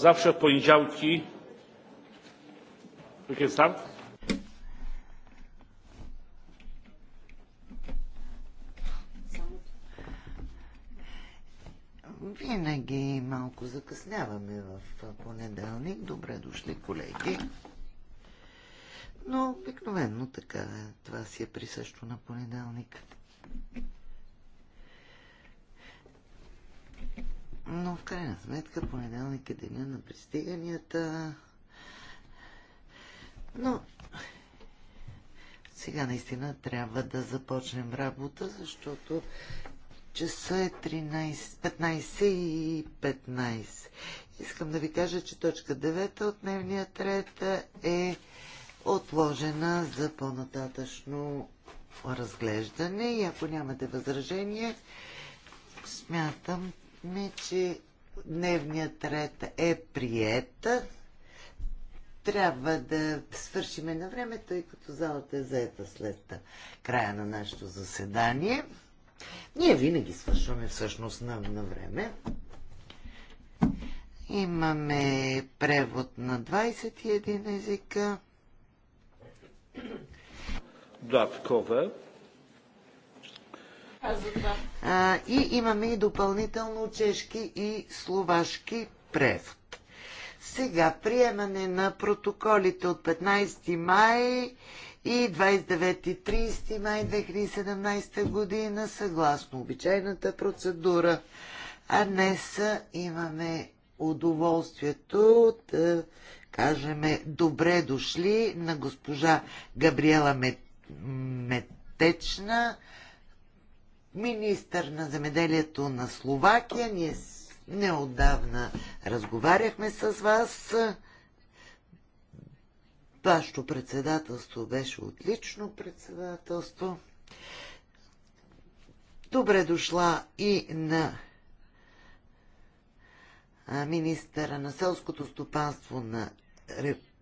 Zawsze w poniedziałki. Винаги малко закъсняваме в понеделник. Добре дошли, колеги. Но обикновено така. Е. Това си е присъщо на понеделник. Но в крайна сметка понеделник е деня на пристиганията. Но сега наистина трябва да започнем работа, защото часа е 13, 15 и 15. Искам да ви кажа, че точка 9 от дневния ред е отложена за по-нататъчно разглеждане и ако нямате възражение, смятам, решихме, че дневният ред е прият. Трябва да свършиме на време, тъй като залата е заета след края на нашето заседание. Ние винаги свършваме всъщност на, на време. Имаме превод на 21 езика. Dodatkowe и имаме и допълнително чешки и словашки превод. Сега приемане на протоколите от 15 май и 29-30 май 2017 година съгласно обичайната процедура. А днес имаме удоволствието да кажеме добре дошли на госпожа Габриела Мет... Метечна, министър на земеделието на Словакия. Ние неодавна разговаряхме с вас. Вашето председателство беше отлично председателство. Добре дошла и на министъра на селското стопанство на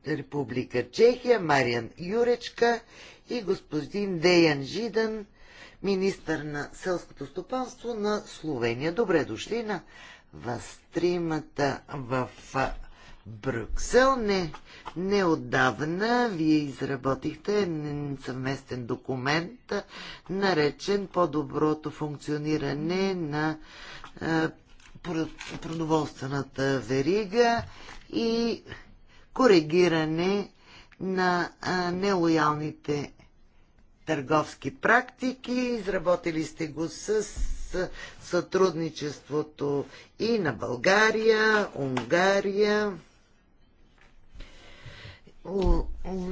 Република Чехия, Мариан Юречка и господин Деян Жидан – министър на селското стопанство на Словения. Добре дошли на възстримата в Брюксел. Не, не отдавна вие изработихте съвместен документ, наречен по-доброто функциониране на продоволствената верига и коригиране на нелоялните търговски практики. Изработили сте го с сътрудничеството и на България, Унгария,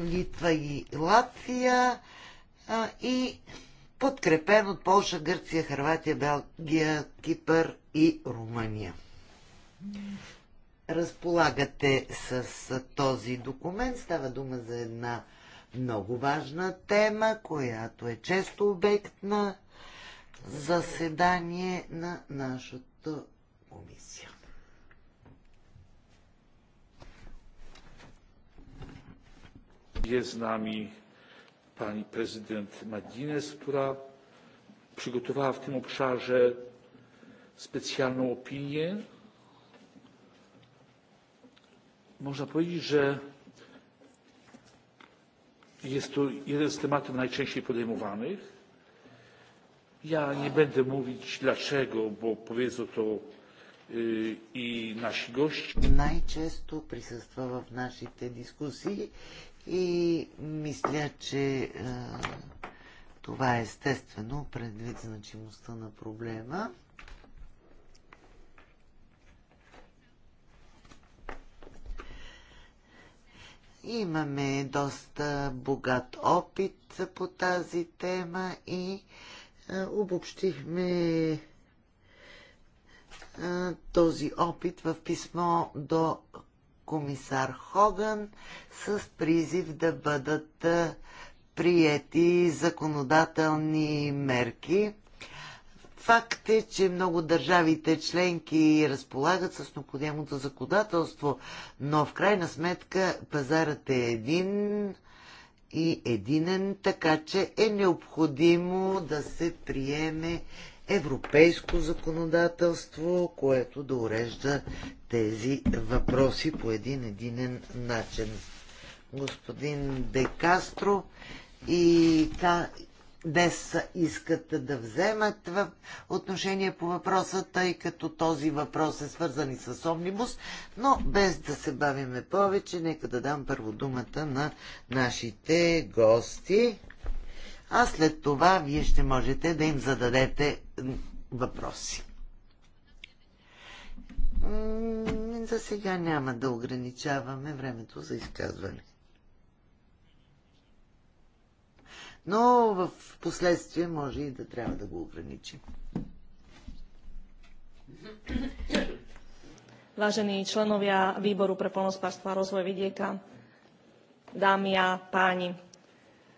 Литва и Латвия и подкрепен от Полша, Гърция, Харватия, Белгия, Кипър и Румъния. Разполагате с този документ. Става дума за една много важна тема, която е често обект на заседание на нашата комисия. Jest z nami pani prezydent Madines, która przygotowała w tym obszarze specjalną opinię. Można powiedzieć, że Jest to jeden z tematów najczęściej podejmowanych. Ja nie będę mówić dlaczego, bo powiedzą to и наши гости. Най-често присъства в нашите дискусии и мисля, че е, това е естествено предвид значимостта на проблема. Имаме доста богат опит по тази тема и обобщихме този опит в писмо до комисар Хоган с призив да бъдат приети законодателни мерки Факт е, че много държавите членки разполагат с необходимото законодателство, но в крайна сметка пазарът е един и единен, така че е необходимо да се приеме европейско законодателство, което да урежда тези въпроси по един единен начин. Господин Декастро и, днес искат да вземат в отношение по въпроса, тъй като този въпрос е свързан и с омнибус, но без да се бавиме повече, нека да дам първо думата на нашите гости, а след това вие ще можете да им зададете въпроси. За сега няма да ограничаваме времето за изказване. но в последствие може и да трябва да го ограничим. Vážení členovia Výboru pre polnospárstvo a rozvoj vidieka, dámy a páni,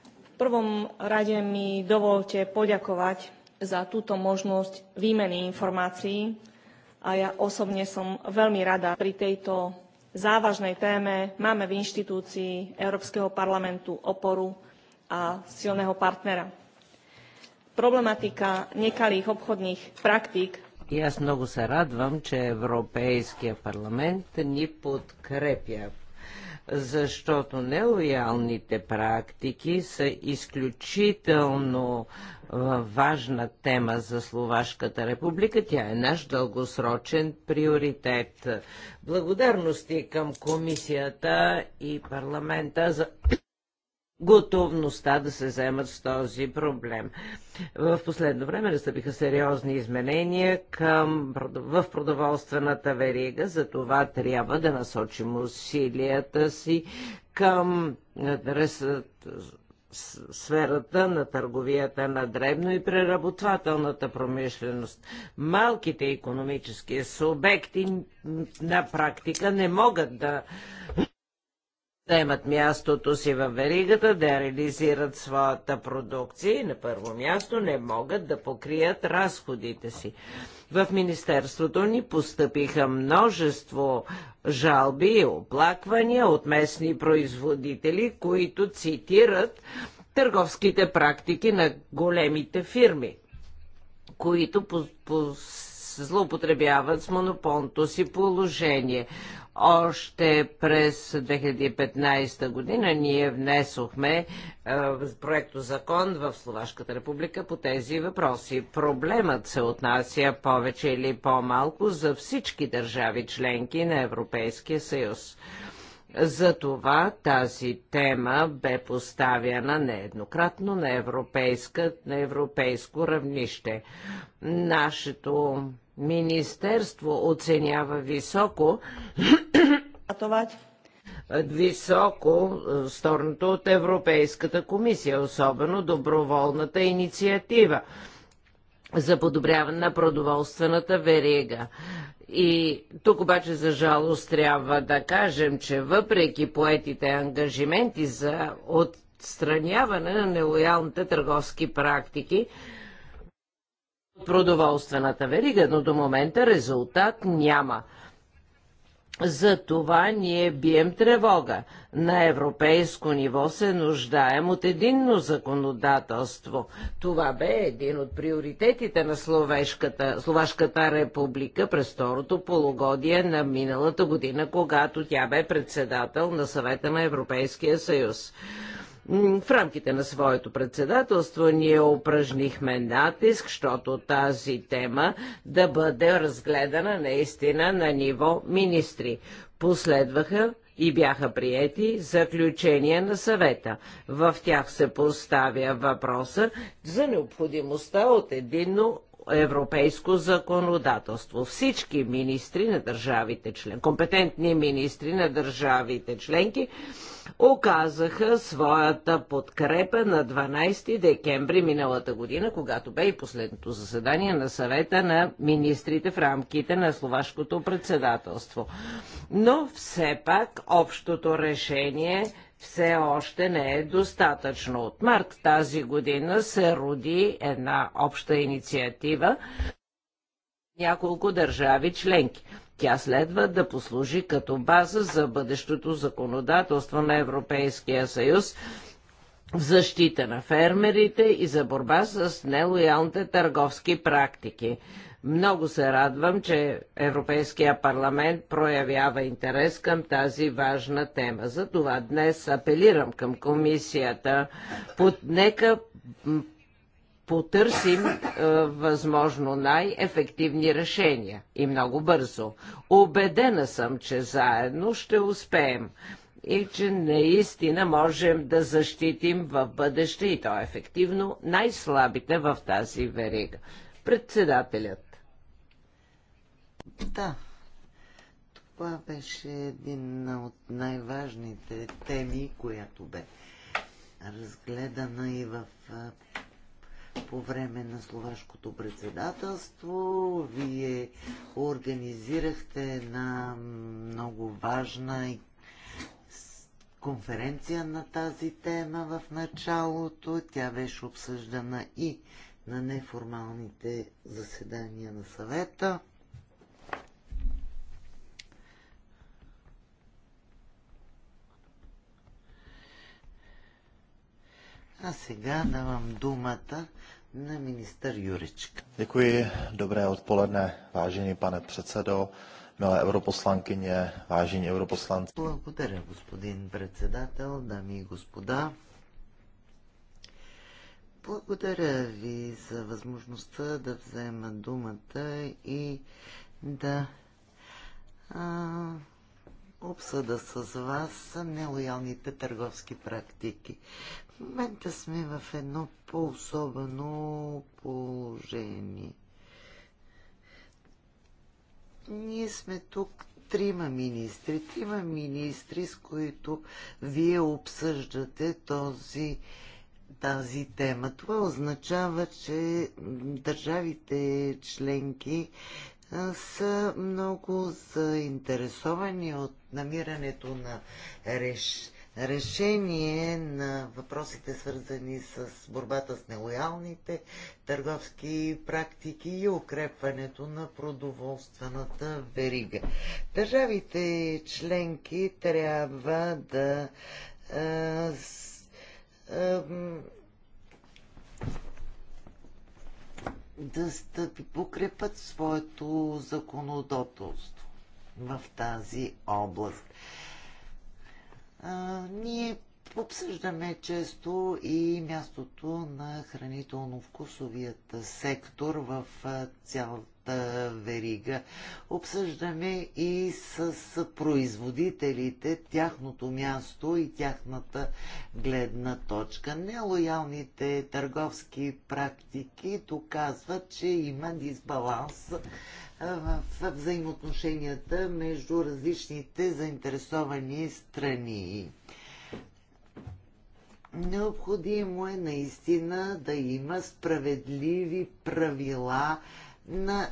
v prvom rade mi dovolte poďakovať za túto možnosť výmeny informácií a ja osobne som veľmi rada pri tejto závažnej téme máme v inštitúcii Európskeho parlamentu oporu a silného партнера. Проблематика некалих обходних практик и аз много се радвам, че Европейския парламент ни подкрепя, защото нелоялните практики са изключително важна тема за Словашката република. Тя е наш дългосрочен приоритет. Благодарности към комисията и парламента за готовността да се вземат с този проблем. В последно време настъпиха сериозни изменения към, в продоволствената верига, за това трябва да насочим усилията си към е, сферата на търговията на дребно и преработвателната промишленост. Малките економически субекти на практика не могат да да имат мястото си във веригата, да реализират своята продукция и на първо място не могат да покрият разходите си. В Министерството ни постъпиха множество жалби и оплаквания от местни производители, които цитират търговските практики на големите фирми, които по, по злоупотребяват с монополното си положение. Още през 2015 година ние внесохме е, проекто закон в Словашката република по тези въпроси. Проблемът се отнася повече или по-малко за всички държави членки на Европейския съюз. Затова тази тема бе поставяна нееднократно на, на европейско равнище. Нашето министерство оценява високо високо е, сторното от Европейската комисия, особено доброволната инициатива за подобряване на продоволствената верига. И тук обаче за жалост трябва да кажем, че въпреки поетите ангажименти за отстраняване на нелоялните търговски практики, продоволствената верига, но до момента резултат няма. За това ние бием тревога. На европейско ниво се нуждаем от единно законодателство. Това бе един от приоритетите на Словешката, Словашката република през второто полугодие на миналата година, когато тя бе председател на съвета на Европейския съюз. В рамките на своето председателство ние упражнихме натиск, защото тази тема да бъде разгледана наистина на ниво министри. Последваха и бяха приети заключения на съвета. В тях се поставя въпроса за необходимостта от единно европейско законодателство. Всички министри на държавите член, компетентни министри на държавите членки оказаха своята подкрепа на 12 декември миналата година, когато бе и последното заседание на съвета на министрите в рамките на словашкото председателство. Но все пак общото решение все още не е достатъчно. От март тази година се роди една обща инициатива няколко държави членки. Тя следва да послужи като база за бъдещото законодателство на Европейския съюз в защита на фермерите и за борба с нелоялните търговски практики. Много се радвам, че Европейския парламент проявява интерес към тази важна тема. Затова днес апелирам към комисията. Под, нека потърсим е, възможно най-ефективни решения и много бързо. Обедена съм, че заедно ще успеем и че наистина можем да защитим в бъдеще и то ефективно най-слабите в тази верига. Председателят. Да, това беше една от най-важните теми, която бе разгледана и в по време на словашкото председателство. Вие организирахте на много важна конференция на тази тема в началото. Тя беше обсъждана и на неформалните заседания на съвета. А сега давам думата на министър Юричка. Děkuji. Dobré odpoledne, vážený pane předsedo, milé europoslankyně, vážení europoslanci. Благодаря, господин председател, дами и господа. Благодаря ви за възможността да взема думата и да а, обсъда с вас нелоялните търговски практики момента сме в едно по-особено положение. Ние сме тук трима министри, трима министри, с които вие обсъждате този, тази тема. Това означава, че държавите членки са много заинтересовани от намирането на решение решение на въпросите свързани с борбата с нелоялните търговски практики и укрепването на продоволствената верига. Държавите членки трябва да да стъпи, покрепат своето законодателство в тази област ние Обсъждаме често и мястото на хранително-вкусовият сектор в цялата верига. Обсъждаме и с производителите тяхното място и тяхната гледна точка. Нелоялните търговски практики доказват, че има дисбаланс в взаимоотношенията между различните заинтересовани страни. Необходимо е наистина да има справедливи правила на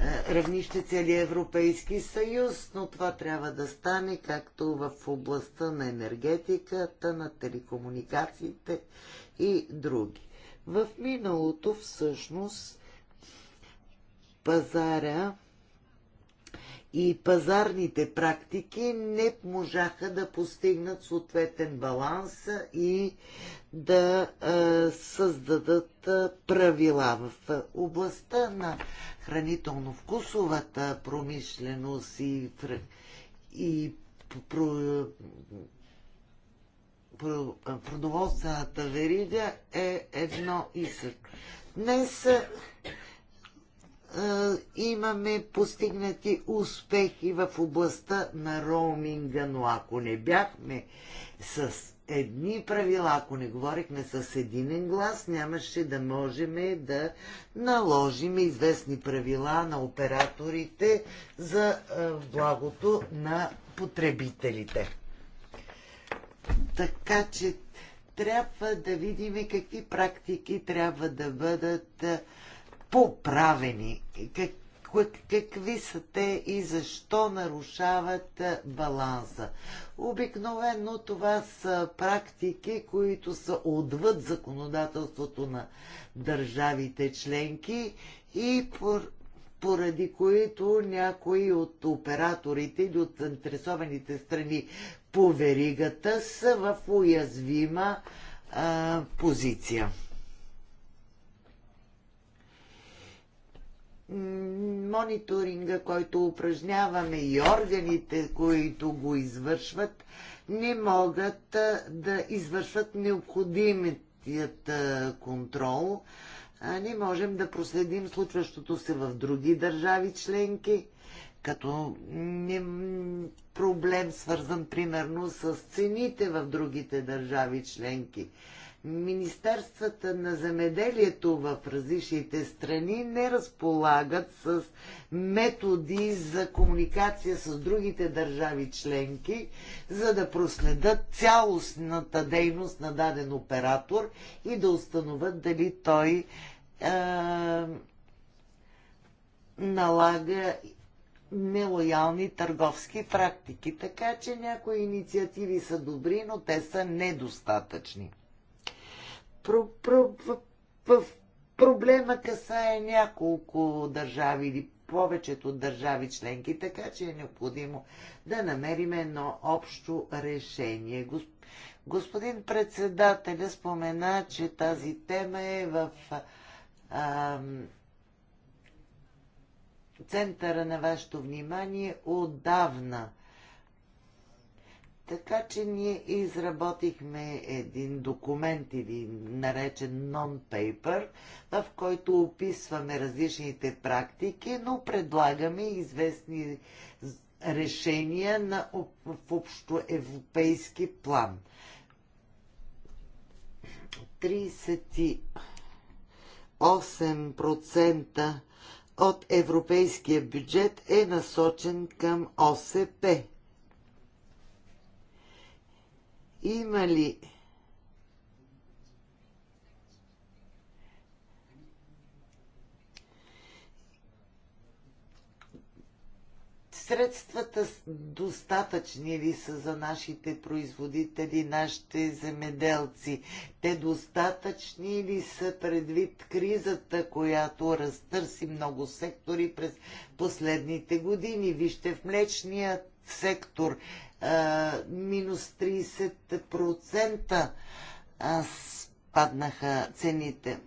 е, равнище целия Европейски съюз, но това трябва да стане както в областта на енергетиката, на телекомуникациите и други. В миналото всъщност пазара и пазарните практики не можаха да постигнат съответен баланс и да създадат правила в областта на хранително-вкусовата промишленост и, и про, про, продоволствената верига е едно и също. Днес е, имаме постигнати успехи в областта на роуминга, но ако не бяхме с едни правила, ако не говорихме с единен глас, нямаше да можем да наложим известни правила на операторите за е, благото на потребителите. Така че трябва да видим какви практики трябва да бъдат е, поправени? Как, какви са те и защо нарушават баланса. Обикновено това са практики, които са отвъд законодателството на държавите членки и поради които някои от операторите или от заинтересованите страни по веригата са в уязвима а, позиция. мониторинга, който упражняваме и органите, които го извършват, не могат да извършват необходимият контрол. Не можем да проследим случващото се в други държави членки, като не, проблем свързан примерно с цените в другите държави членки. Министерствата на земеделието в различните страни не разполагат с методи за комуникация с другите държави членки, за да проследят цялостната дейност на даден оператор и да установят дали той е, налага нелоялни търговски практики. Така че някои инициативи са добри, но те са недостатъчни про, про, в, в, проблема касае няколко държави или повечето държави членки, така че е необходимо да намерим едно общо решение. Господин председателя спомена, че тази тема е в а, центъра на вашето внимание отдавна. Така че ние изработихме един документ или наречен non-paper, в който описваме различните практики, но предлагаме известни решения на, в общоевропейски план. 38% от европейския бюджет е насочен към ОСП Има ли средствата достатъчни ли са за нашите производители, нашите земеделци? Те достатъчни ли са предвид кризата, която разтърси много сектори през последните години? Вижте в млечният сектор минус 30% спаднаха цените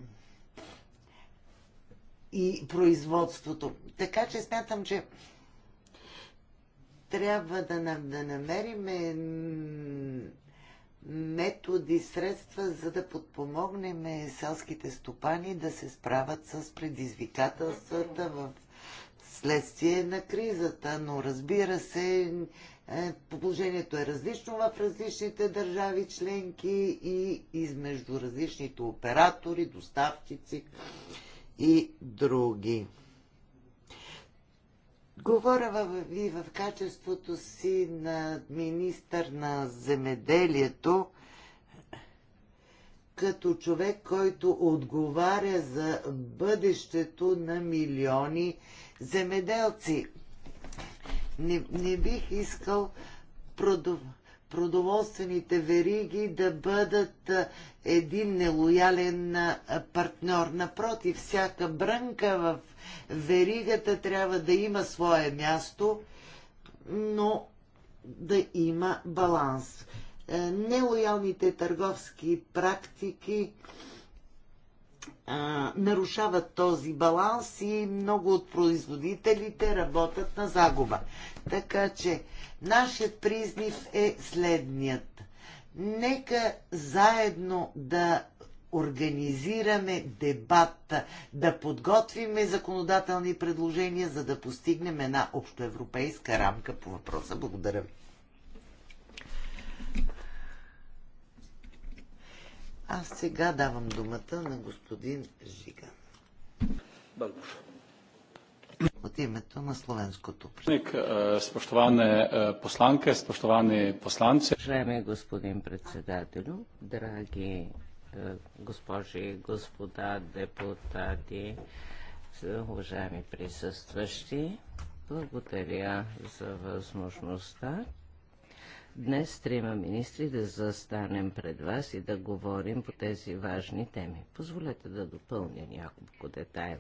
и производството. Така че смятам, че трябва да, нам, да намериме методи, средства, за да подпомогнем е, селските стопани да се справят с предизвикателствата в следствие на кризата. Но разбира се, е, положението е различно в различните държави членки и измежду различните оператори, доставчици и други. Говоря ви в качеството си на министър на земеделието, като човек, който отговаря за бъдещето на милиони земеделци. Не, не бих искал продов... продоволствените вериги да бъдат един нелоялен партньор. Напротив, всяка брънка в веригата трябва да има свое място, но да има баланс. Е, нелоялните търговски практики нарушават този баланс и много от производителите работят на загуба. Така че нашият признив е следният. Нека заедно да организираме дебата, да подготвиме законодателни предложения, за да постигнем една общоевропейска рамка по въпроса. Благодаря ви. А сега давам думата на господин Жиган. Бъргуш. От името на Словенското е, Спощоване е, посланка, спощовани посланци. Уважаеми господин председателю, драги е, госпожи и господа депутати, уважаеми присъстващи, благодаря за възможността, днес трима министри да застанем пред вас и да говорим по тези важни теми. Позволете да допълня няколко детайла.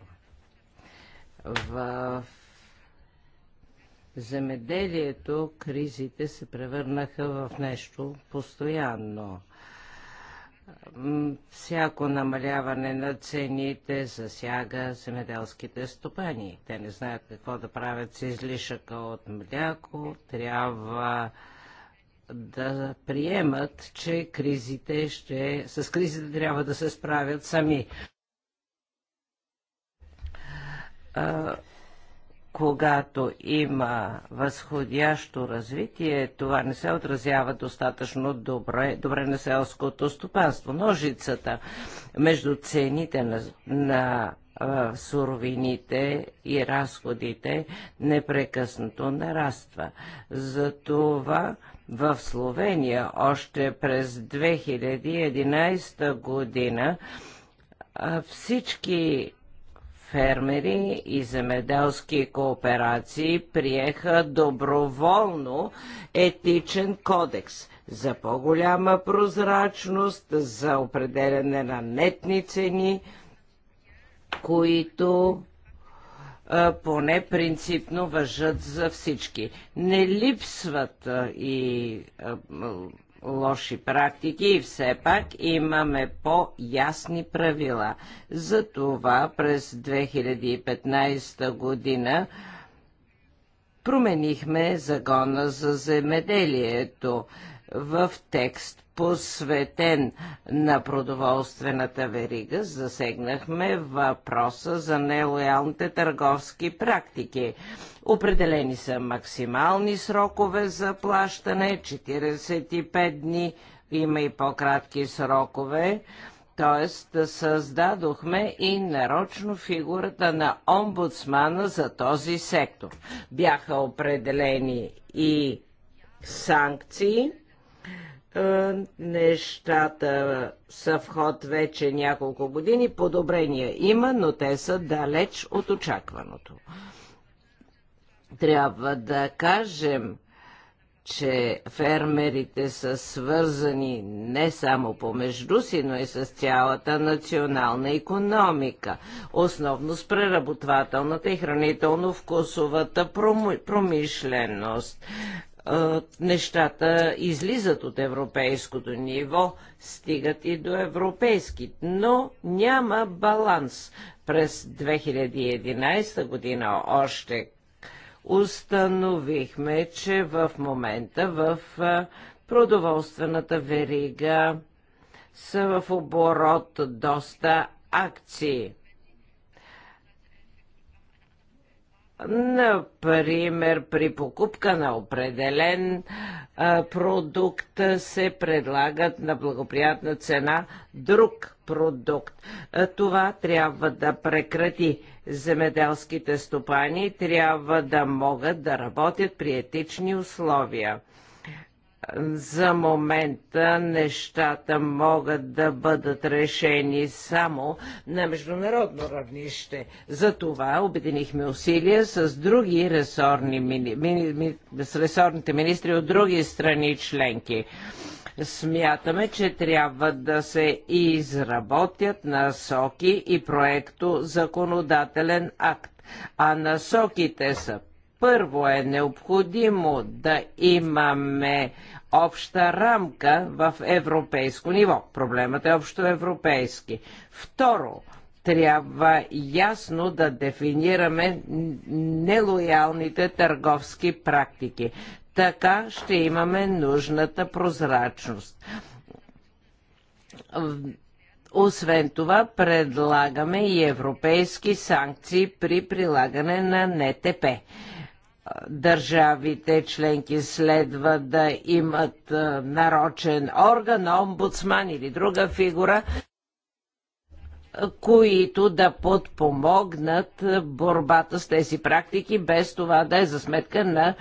В земеделието кризите се превърнаха в нещо постоянно всяко намаляване на цените засяга земеделските стопани. Те не знаят какво да правят с излишъка от мляко, трябва да приемат, че кризите ще, с кризите трябва да се справят сами. А, когато има възходящо развитие, това не се отразява достатъчно добре, добре на селското стопанство. Ножицата между цените на, на суровините и разходите непрекъснато нараства. Затова в Словения още през 2011 година всички фермери и земеделски кооперации приеха доброволно етичен кодекс за по-голяма прозрачност, за определене на нетни цени, които поне принципно въжат за всички. Не липсват и лоши практики и все пак имаме по-ясни правила. Затова през 2015 година променихме закона за земеделието в текст, посветен на продоволствената верига, засегнахме въпроса за нелоялните търговски практики. Определени са максимални срокове за плащане 45 дни, има и по-кратки срокове. Т.е. създадохме и нарочно фигурата на омбудсмана за този сектор. Бяха определени и санкции е, нещата са в ход вече няколко години. Подобрения има, но те са далеч от очакваното. Трябва да кажем, че фермерите са свързани не само помежду си, но и с цялата национална економика, основно с преработвателната и хранително-вкусовата промишленост нещата излизат от европейското ниво, стигат и до европейски, но няма баланс. През 2011 година още установихме, че в момента в продоволствената верига са в оборот доста акции Например, при покупка на определен а, продукт се предлагат на благоприятна цена друг продукт. А, това трябва да прекрати. Земеделските стопани трябва да могат да работят при етични условия за момента нещата могат да бъдат решени само на международно равнище. За това обединихме усилия с други ресорни, мини, с ресорните министри от други страни членки. Смятаме, че трябва да се изработят насоки и проекто законодателен акт а насоките са първо е необходимо да имаме обща рамка в европейско ниво. Проблемът е общо европейски. Второ, трябва ясно да дефинираме нелоялните търговски практики. Така ще имаме нужната прозрачност. Освен това, предлагаме и европейски санкции при прилагане на НТП държавите членки следва да имат нарочен орган, омбудсман или друга фигура, които да подпомогнат борбата с тези практики, без това да е за сметка на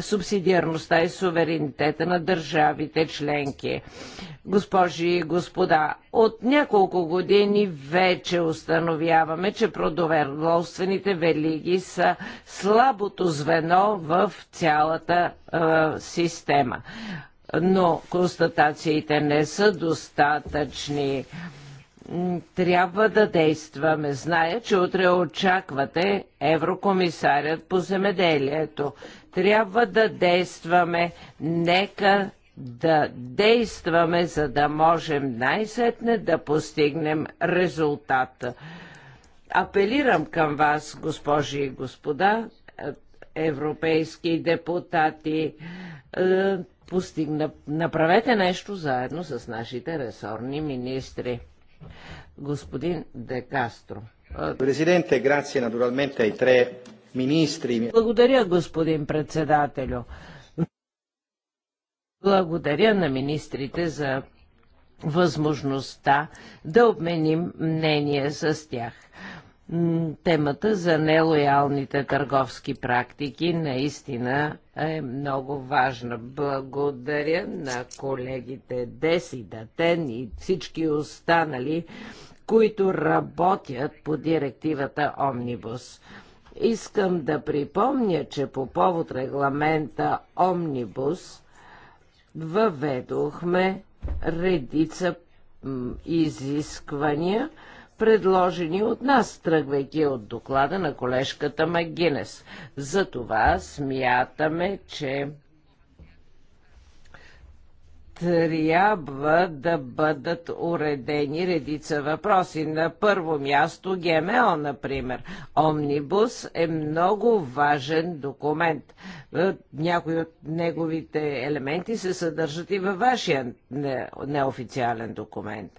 субсидиарността и суверенитета на държавите членки. Госпожи и господа, от няколко години вече установяваме, че продоверлоствените велиги са слабото звено в цялата е, система. Но констатациите не са достатъчни трябва да действаме. Зная, че утре очаквате еврокомисарят по земеделието. Трябва да действаме. Нека да действаме, за да можем най-сетне да постигнем резултата. Апелирам към вас, госпожи и господа, европейски депутати, е, постигна, направете нещо заедно с нашите ресорни министри. Господин Де Кастро. Президенте, грация натуралмента и тре министри. Благодаря, господин председателю. Благодаря на министрите за възможността да обменим мнение с тях. Темата за нелоялните търговски практики наистина е много важна. Благодаря на колегите Деси, Датен и всички останали, които работят по директивата Омнибус. Искам да припомня, че по повод регламента Омнибус въведохме редица изисквания, предложени от нас, тръгвайки от доклада на колежката Магинес. Затова смятаме, че трябва да бъдат уредени редица въпроси. На първо място ГМО, например. Омнибус е много важен документ. Е, някои от неговите елементи се съдържат и във вашия неофициален документ.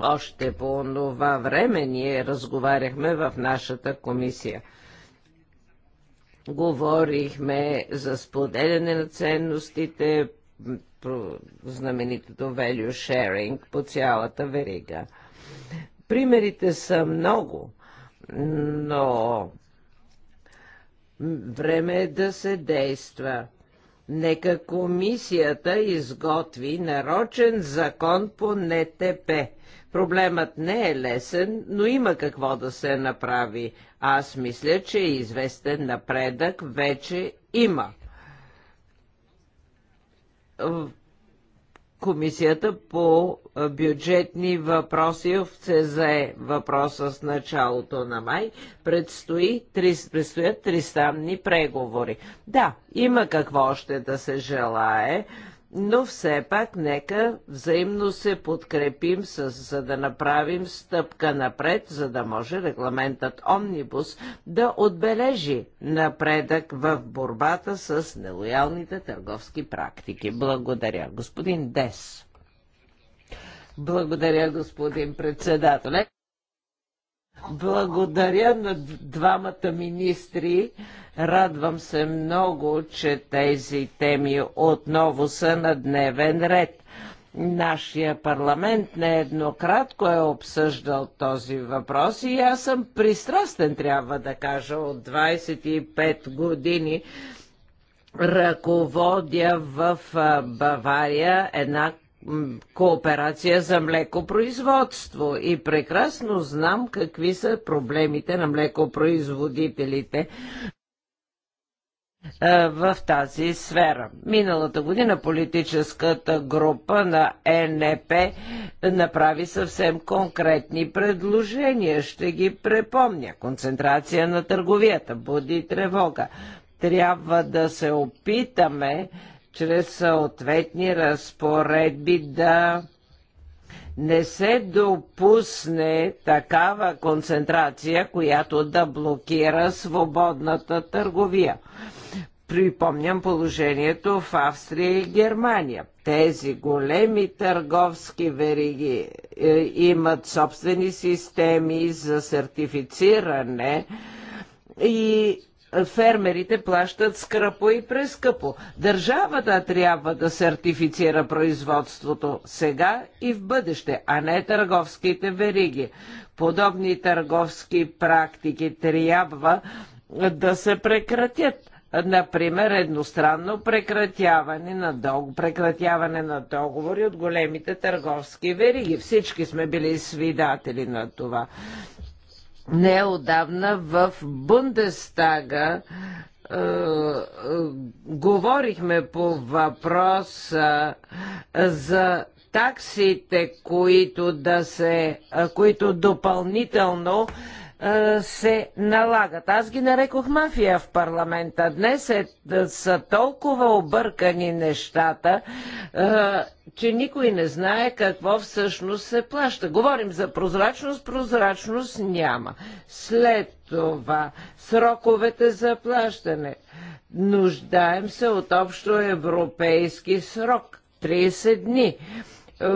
Още по това време ние разговаряхме в нашата комисия – Говорихме за споделяне на ценностите, знаменитото value sharing по цялата верига. Примерите са много, но време е да се действа. Нека комисията изготви нарочен закон по НТП. Проблемът не е лесен, но има какво да се направи. Аз мисля, че известен напредък вече има. Комисията по бюджетни въпроси в зае въпроса с началото на май. Предстои, предстоят тристанни преговори. Да, има какво още да се желае но все пак нека взаимно се подкрепим, с, за да направим стъпка напред, за да може регламентът Омнибус да отбележи напредък в борбата с нелоялните търговски практики. Благодаря. Господин Дес. Благодаря, господин председател. Благодаря на двамата министри. Радвам се много, че тези теми отново са на дневен ред. Нашия парламент нееднократко е обсъждал този въпрос и аз съм пристрастен, трябва да кажа, от 25 години ръководя в Бавария една кооперация за млекопроизводство и прекрасно знам какви са проблемите на млекопроизводителите в тази сфера. Миналата година политическата група на е НП направи съвсем конкретни предложения. Ще ги препомня. Концентрация на търговията буди тревога. Трябва да се опитаме чрез съответни разпоредби да не се допусне такава концентрация, която да блокира свободната търговия. Припомням положението в Австрия и Германия. Тези големи търговски вериги е, имат собствени системи за сертифициране и фермерите плащат скъпо и прескъпо. Държавата трябва да сертифицира производството сега и в бъдеще, а не търговските вериги. Подобни търговски практики трябва да се прекратят. Например, едностранно прекратяване на, дол... прекратяване на договори от големите търговски вериги. Всички сме били свидатели на това неодавна в Бундестага е, е, говорихме по въпроса е, за таксите, които да се, които допълнително се налагат. Аз ги нарекох мафия в парламента. Днес е, са толкова объркани нещата, че никой не знае какво всъщност се плаща. Говорим за прозрачност, прозрачност няма. След това сроковете за плащане. Нуждаем се от общо европейски срок 30 дни.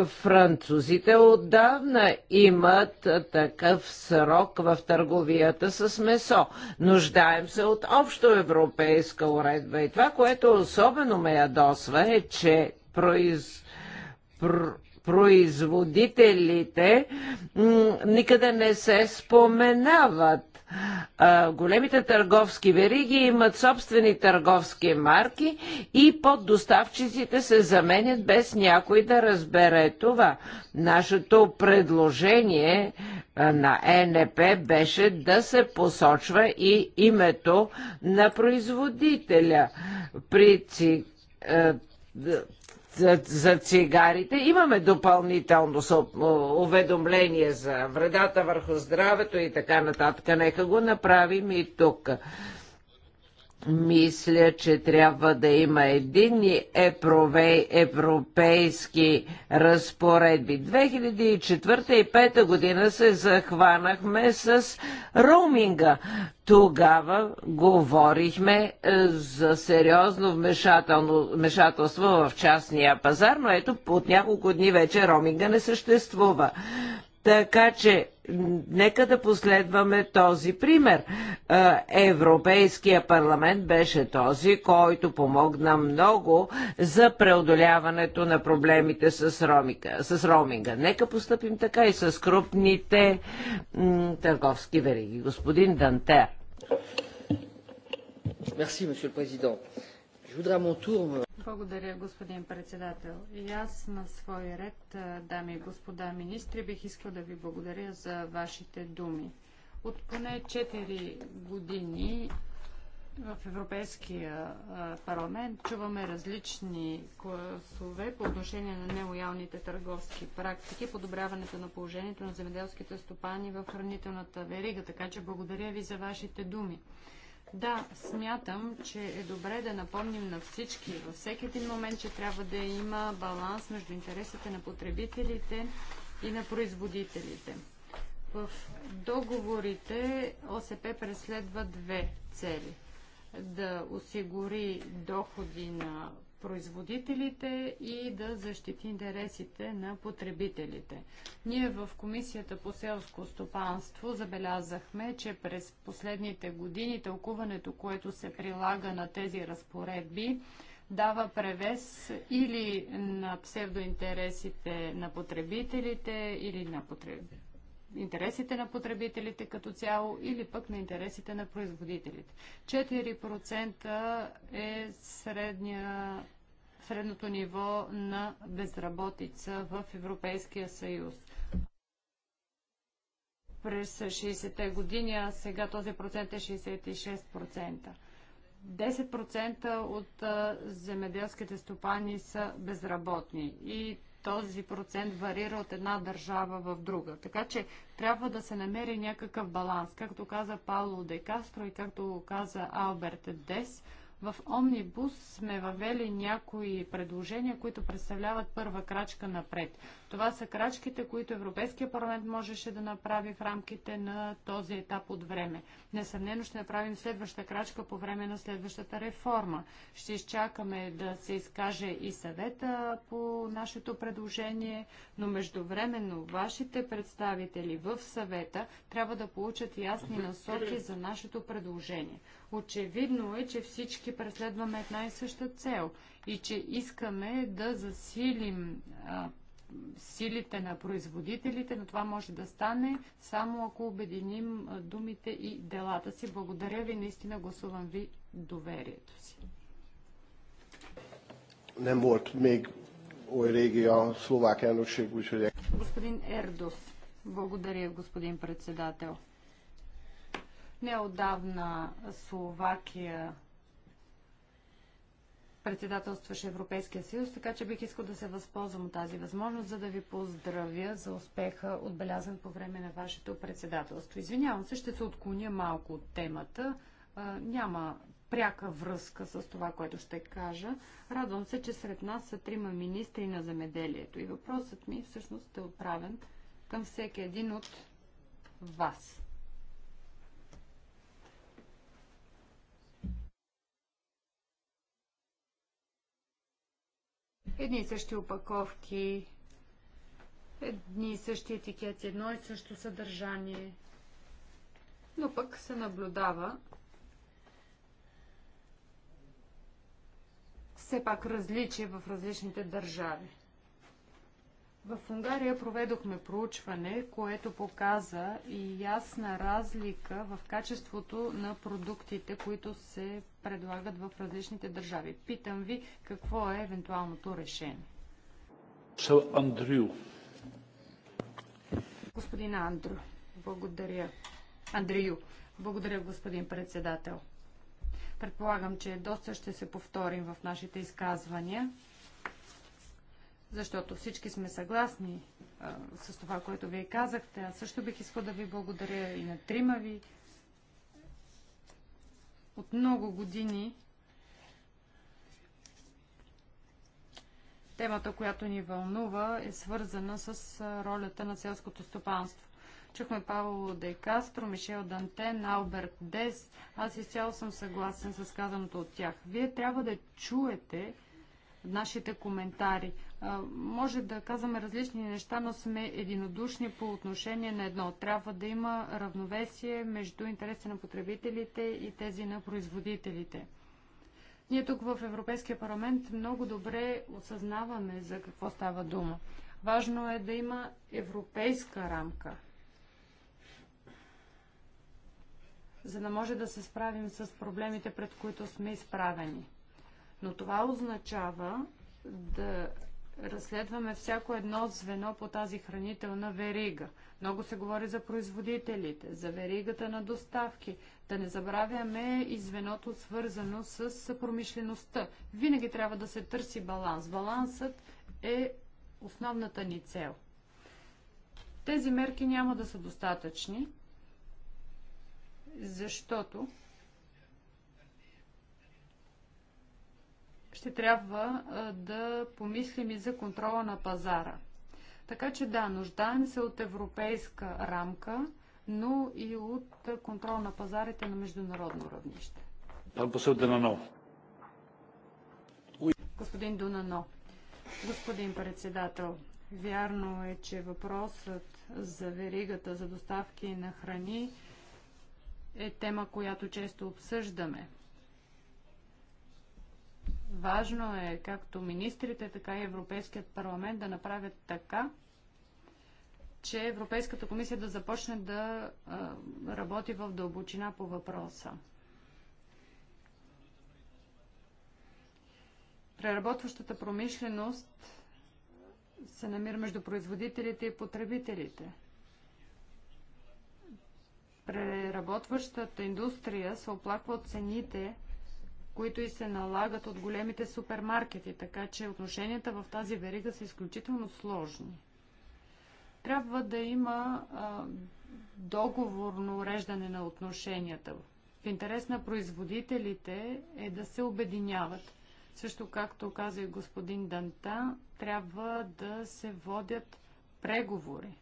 Французите отдавна имат такъв срок в търговията с месо. Нуждаем се от общо европейска уредба. И това, което особено ме ядосва е, че произ... Пр производителите никъде не се споменават. А, големите търговски вериги имат собствени търговски марки и поддоставчиците се заменят без някой да разбере това. Нашето предложение на ЕНП беше да се посочва и името на производителя. При ци, за цигарите. Имаме допълнително уведомление за вредата върху здравето и така нататък. Нека го направим и тук. Мисля, че трябва да има единни епрове, европейски разпоредби. 2004 и 2005 година се захванахме с роуминга. Тогава говорихме е, за сериозно вмешателство в частния пазар, но ето от няколко дни вече роуминга не съществува. Така че нека да последваме този пример. Европейския парламент беше този, който помогна много за преодоляването на проблемите с, ромика, с роминга. Нека поступим така и с крупните търговски вериги. Господин Дантер. Merci, господин президент. Euh, благодаря, господин председател. И аз на свой ред, дами и господа министри, бих искал да ви благодаря за вашите думи. От поне 4 години в Европейския парламент чуваме различни класове по отношение на нелоялните търговски практики, подобряването на положението на земеделските стопани в хранителната верига. Така че благодаря ви за вашите думи. Да, смятам, че е добре да напомним на всички във всеки един момент, че трябва да има баланс между интересите на потребителите и на производителите. В договорите ОСП преследва две цели. Да осигури доходи на производителите и да защити интересите на потребителите. Ние в Комисията по селско стопанство забелязахме, че през последните години тълкуването, което се прилага на тези разпоредби, дава превес или на псевдоинтересите на потребителите, или на потребителите интересите на потребителите като цяло или пък на интересите на производителите. 4% е средния, средното ниво на безработица в Европейския съюз през 60-те години, а сега този процент е 66%. 10% от земеделските стопани са безработни и този процент варира от една държава в друга. Така че трябва да се намери някакъв баланс. Както каза Пауло Де Кастро и както каза Алберт Дес – в Омнибус сме въвели някои предложения, които представляват първа крачка напред. Това са крачките, които Европейския парламент можеше да направи в рамките на този етап от време. Несъмнено ще направим следваща крачка по време на следващата реформа. Ще изчакаме да се изкаже и съвета по нашето предложение, но междувременно вашите представители в съвета трябва да получат ясни насоки за нашето предложение. Очевидно е, че всички преследваме една и съща цел и че искаме да засилим а, силите на производителите, но това може да стане само ако обединим думите и делата си. Благодаря ви, наистина гласувам ви доверието си. Nem Господин Ердос, благодаря, господин председател. Неодавна Словакия председателстваше Европейския съюз, така че бих искал да се възползвам от тази възможност, за да ви поздравя за успеха, отбелязан по време на вашето председателство. Извинявам се, ще се отклоня малко от темата. А, няма пряка връзка с това, което ще кажа. Радвам се, че сред нас са трима министри на земеделието и въпросът ми всъщност е отправен към всеки един от вас. едни и същи опаковки, едни и същи етикети, едно и също съдържание. Но пък се наблюдава все пак различие в различните държави. В Унгария проведохме проучване, което показа и ясна разлика в качеството на продуктите, които се предлагат в различните държави. Питам ви, какво е евентуалното решение? Andrew. Господин Андрю, благодаря. Андрю, благодаря, господин председател. Предполагам, че доста ще се повторим в нашите изказвания защото всички сме съгласни а, с това, което вие казахте. Аз също бих искал да ви благодаря и на трима ви. От много години темата, която ни вълнува, е свързана с ролята на селското стопанство. Чухме Павло Декастро, Мишел Дантен, Алберт Дес. Аз изцяло съм съгласен с казаното от тях. Вие трябва да чуете нашите коментари. Може да казваме различни неща, но сме единодушни по отношение на едно. Трябва да има равновесие между интересите на потребителите и тези на производителите. Ние тук в Европейския парламент много добре осъзнаваме за какво става дума. Важно е да има европейска рамка, за да може да се справим с проблемите, пред които сме изправени. Но това означава да разследваме всяко едно звено по тази хранителна верига. Много се говори за производителите, за веригата на доставки. Да не забравяме и звеното свързано с промишлеността. Винаги трябва да се търси баланс. Балансът е основната ни цел. Тези мерки няма да са достатъчни, защото ще трябва да помислим и за контрола на пазара. Така че да, нуждаем се от европейска рамка, но и от контрол на пазарите на международно равнище. Господин Дунано, господин председател, вярно е, че въпросът за веригата за доставки на храни е тема, която често обсъждаме. Важно е както министрите, така и Европейският парламент да направят така, че Европейската комисия да започне да а, работи в дълбочина по въпроса. Преработващата промишленост се намира между производителите и потребителите. Преработващата индустрия се оплаква от цените, които и се налагат от големите супермаркети, така че отношенията в тази верига са изключително сложни. Трябва да има а, договорно уреждане на отношенията. В интерес на производителите е да се обединяват. Също както каза и господин Данта, трябва да се водят преговори.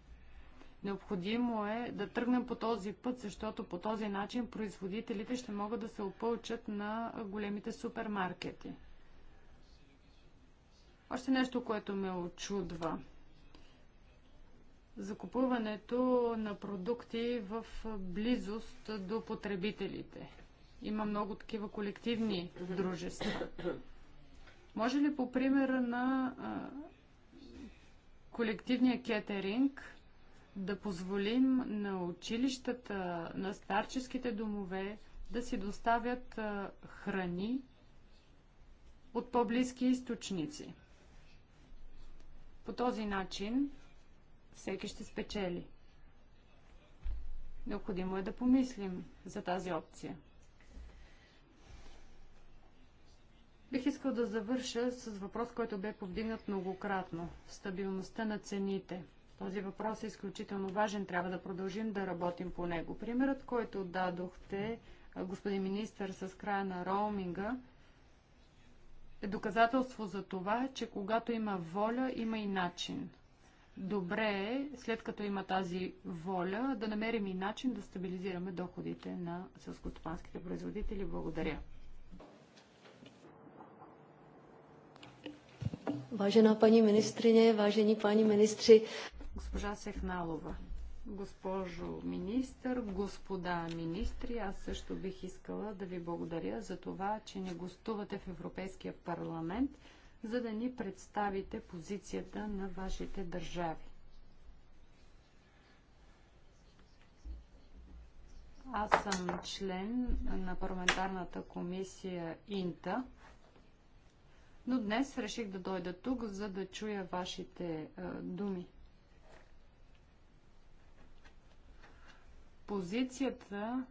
Необходимо е да тръгнем по този път, защото по този начин производителите ще могат да се опълчат на големите супермаркети. Още нещо, което ме очудва. Закупуването на продукти в близост до потребителите. Има много такива колективни дружества. Може ли по примера на колективния кетеринг да позволим на училищата, на старческите домове да си доставят храни от по-близки източници. По този начин всеки ще спечели. Необходимо е да помислим за тази опция. Бих искал да завърша с въпрос, който бе повдигнат многократно – стабилността на цените – този въпрос е изключително важен. Трябва да продължим да работим по него. Примерът, който дадохте, господин министър, с края на роуминга, е доказателство за това, че когато има воля, има и начин. Добре е, след като има тази воля, да намерим и начин да стабилизираме доходите на селскостопанските производители. Благодаря. Vážená paní ministrině, vážení páni ministři. Госпожа Сехналова. Госпожо министър, господа министри, аз също бих искала да ви благодаря за това, че не гостувате в Европейския парламент, за да ни представите позицията на вашите държави. Аз съм член на парламентарната комисия Инта, но днес реших да дойда тук, за да чуя вашите думи. позицията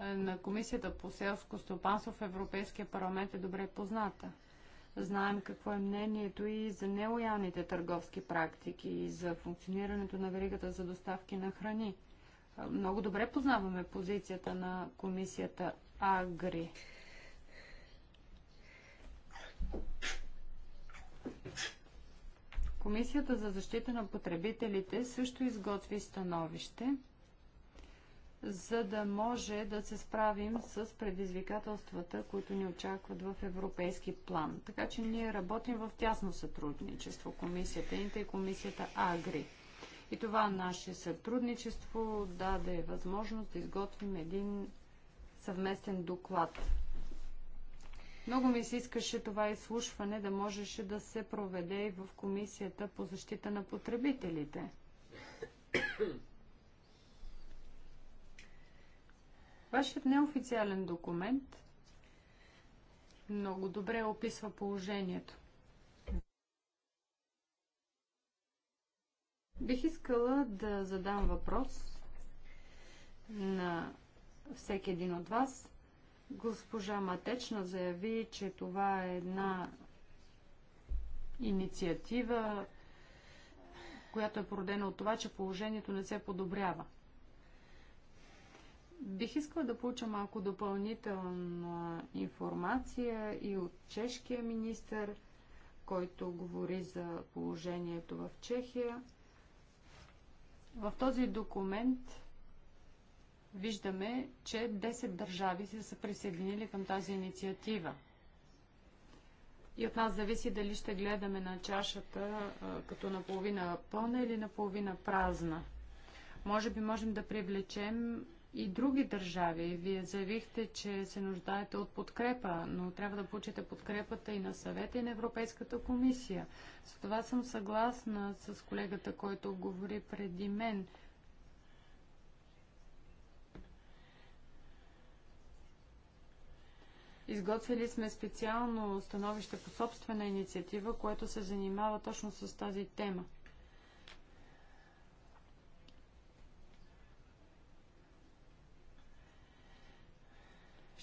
е, на Комисията по селско стопанство в Европейския парламент е добре позната. Знаем какво е мнението и за нелоялните търговски практики и за функционирането на веригата за доставки на храни. Е, много добре познаваме позицията на комисията Агри. Комисията за защита на потребителите също изготви становище – за да може да се справим с предизвикателствата, които ни очакват в европейски план. Така че ние работим в тясно сътрудничество, комисията Инта и комисията Агри. И това наше сътрудничество даде възможност да изготвим един съвместен доклад. Много ми се искаше това изслушване да можеше да се проведе и в комисията по защита на потребителите. Вашият неофициален документ много добре описва положението. Бих искала да задам въпрос на всеки един от вас. Госпожа Матечна заяви, че това е една инициатива, която е породена от това, че положението не се подобрява. Бих искала да получа малко допълнителна информация и от чешкия министр, който говори за положението в Чехия. В този документ виждаме, че 10 държави се са присъединили към тази инициатива. И от нас зависи дали ще гледаме на чашата като наполовина пълна или наполовина празна. Може би можем да привлечем и други държави. Вие заявихте, че се нуждаете от подкрепа, но трябва да получите подкрепата и на съвета и на Европейската комисия. С това съм съгласна с колегата, който говори преди мен. Изготвили сме специално становище по собствена инициатива, което се занимава точно с тази тема.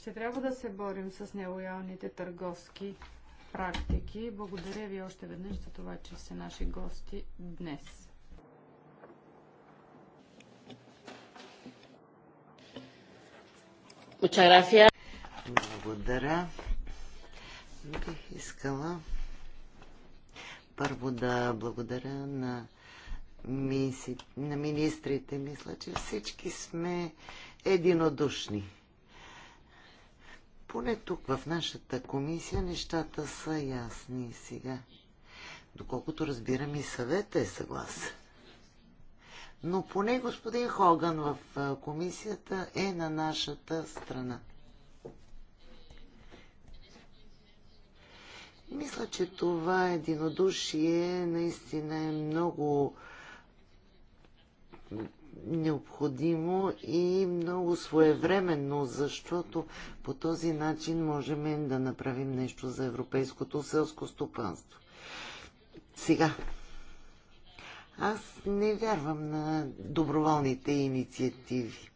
ще трябва да се борим с нелоялните търговски практики. Благодаря ви още веднъж за това, че сте наши гости днес. Благодаря. Бих искала първо да благодаря на, миси, на министрите. Мисля, че всички сме единодушни поне тук в нашата комисия нещата са ясни сега. Доколкото разбирам и съвета е съгласен. Но поне господин Хоган в комисията е на нашата страна. Мисля, че това единодушие наистина е много необходимо и много своевременно, защото по този начин можем да направим нещо за европейското селско стопанство. Сега, аз не вярвам на доброволните инициативи.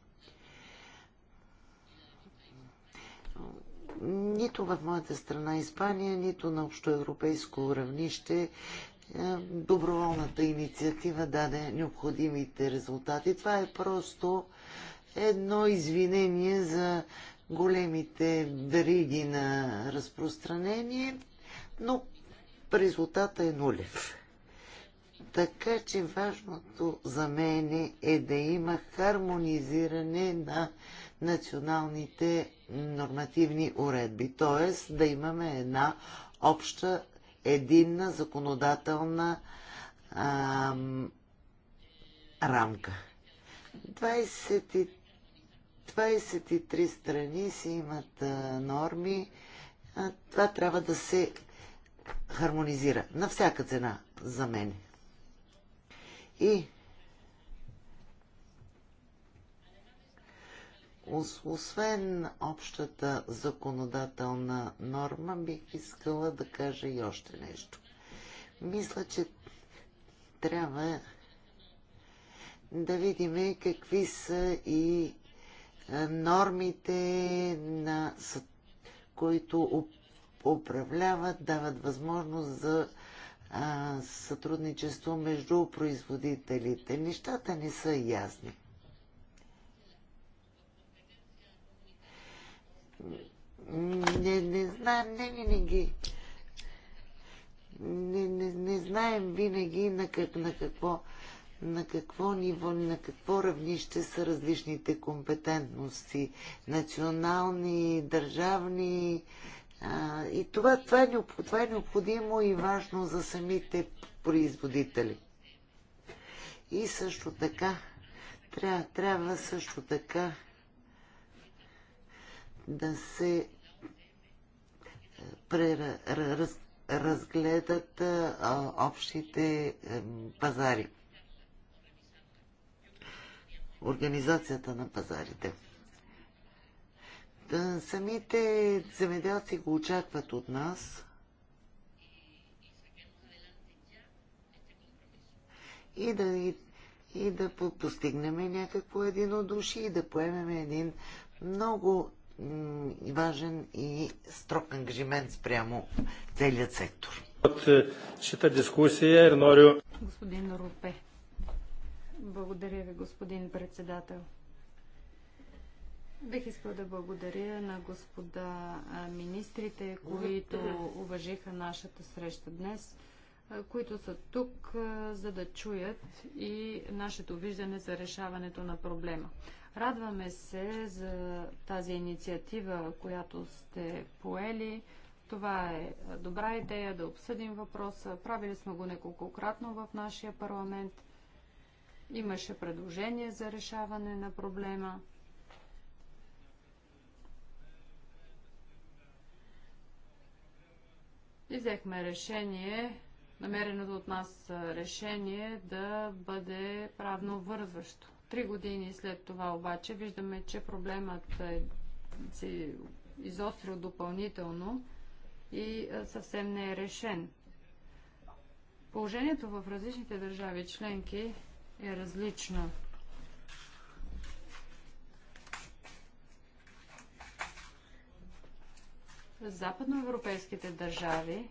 нито в моята страна Испания, нито на общоевропейско равнище доброволната инициатива даде необходимите резултати. Това е просто едно извинение за големите вериги на разпространение, но резултата е нулев. Така че важното за мен е да има хармонизиране на националните нормативни уредби, т.е. да имаме една обща единна законодателна а, рамка. 20, 23 страни си имат а, норми. А, това трябва да се хармонизира на всяка цена за мен. И Освен общата законодателна норма, бих искала да кажа и още нещо. Мисля, че трябва да видим какви са и е, нормите, на, които управляват, дават възможност за сътрудничество между производителите. Нещата не са ясни. Не, не знаем, не винаги. Не, не, не знаем винаги на, как, на какво на какво ниво, на какво равнище са различните компетентности, национални, държавни. А, и това, това, е, това е необходимо и важно за самите производители. И също така, трябва, трябва също така да се е, преразгледат разгледат е, общите е, пазари. Организацията на пазарите. Да, самите земеделци го очакват от нас. И да, и, и да постигнем някакво единодушие и да поемем един много важен и строг ангажимент спрямо целият сектор. От шита е, дискусия ернорио. Господин Рупе, благодаря ви, господин председател. Бих искал да благодаря на господа министрите, които уважиха нашата среща днес, които са тук, за да чуят и нашето виждане за решаването на проблема. Радваме се за тази инициатива, която сте поели. Това е добра идея да обсъдим въпроса. Правили сме го неколкократно в нашия парламент. Имаше предложение за решаване на проблема. И взехме решение, намереното от нас решение да бъде правно вързващо. Три години след това обаче виждаме, че проблемът е, се изострил допълнително и съвсем не е решен. Положението в различните държави членки е различно. Западноевропейските държави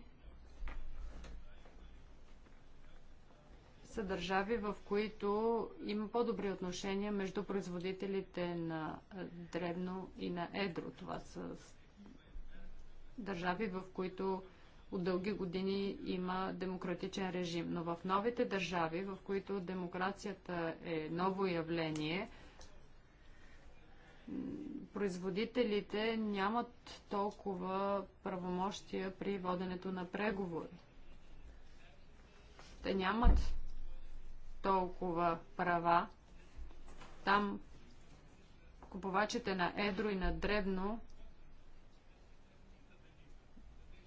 са държави, в които има по-добри отношения между производителите на дребно и на едро. Това са държави, в които от дълги години има демократичен режим. Но в новите държави, в които демокрацията е ново явление, производителите нямат толкова правомощия при воденето на преговори. Те нямат толкова права. Там купувачите на едро и на дребно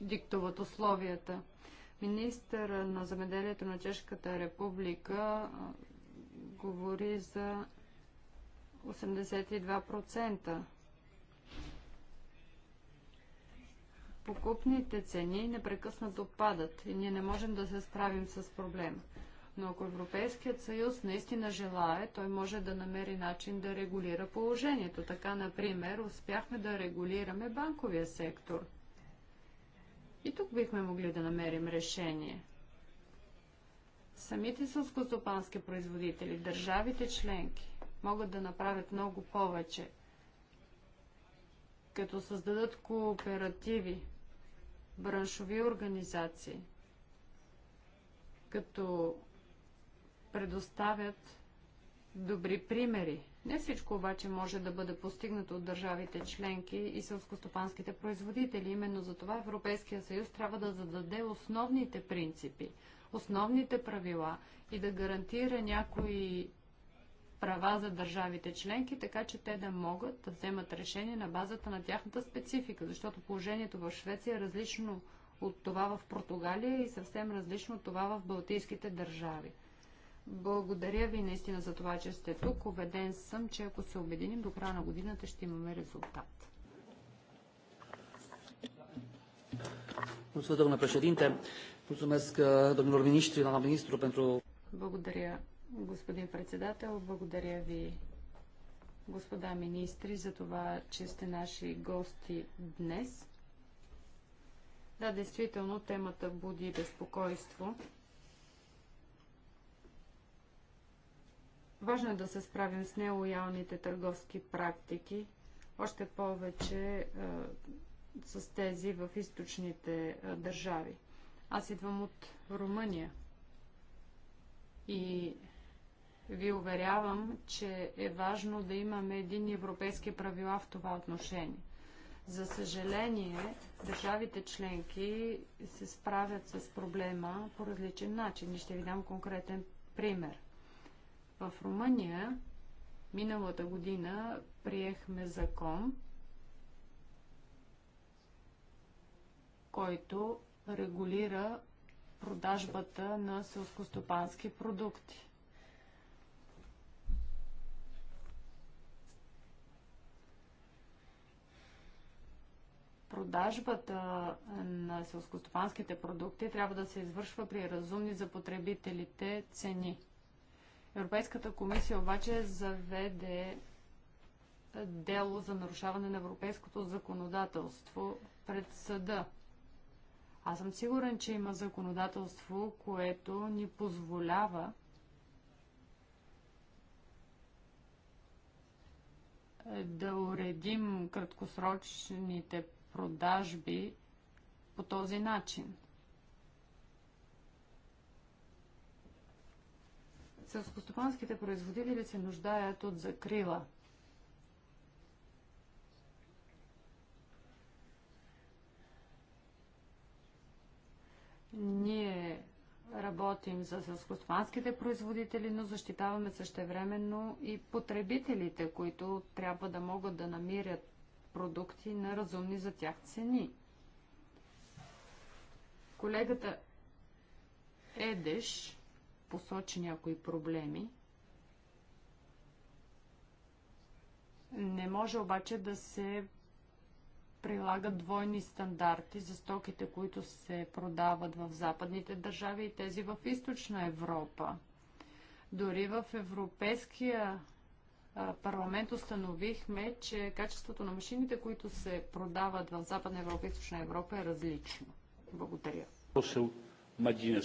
диктуват условията. Министър на замеделието на Чешката република говори за 82%. Покупните цени непрекъснато падат и ние не можем да се справим с проблема. Но ако Европейският съюз наистина желае, той може да намери начин да регулира положението. Така, например, успяхме да регулираме банковия сектор. И тук бихме могли да намерим решение. Самите сълскостопански производители, държавите членки, могат да направят много повече, като създадат кооперативи, браншови организации, като предоставят добри примери. Не всичко обаче може да бъде постигнато от държавите членки и селскостопанските производители. Именно за това Европейския съюз трябва да зададе основните принципи, основните правила и да гарантира някои права за държавите членки, така че те да могат да вземат решение на базата на тяхната специфика, защото положението в Швеция е различно от това в Португалия и съвсем различно от това в Балтийските държави. Благодаря ви наистина за това, че сте тук. Обеден съм, че ако се обединим до края на годината, ще имаме резултат. Uh, Благодаря, господин председател. Благодаря ви, господа министри, за това, че сте наши гости днес. Да, действително, темата буди безпокойство. Важно е да се справим с нелоялните търговски практики, още повече а, е, с тези в източните а, е, държави. Аз идвам от Румъния и ви уверявам, че е важно да имаме един европейски правила в това отношение. За съжаление, държавите членки се справят с проблема по различен начин. И ще ви дам конкретен пример – в Румъния миналата година приехме закон, който регулира продажбата на селскостопански продукти. Продажбата на селскостопанските продукти трябва да се извършва при разумни за потребителите цени – Европейската комисия обаче заведе дело за нарушаване на европейското законодателство пред съда. Аз съм сигурен, че има законодателство, което ни позволява е, да уредим краткосрочните продажби по този начин – Селскостопанските производители се нуждаят от закрила. Ние работим за селскостопанските производители, но защитаваме същевременно и потребителите, които трябва да могат да намерят продукти на разумни за тях цени. Колегата Едеш посочи някои проблеми. Не може обаче да се прилагат двойни стандарти за стоките, които се продават в западните държави и тези в източна Европа. Дори в Европейския парламент установихме, че качеството на машините, които се продават в Западна Европа и Източна Европа е различно. Благодаря.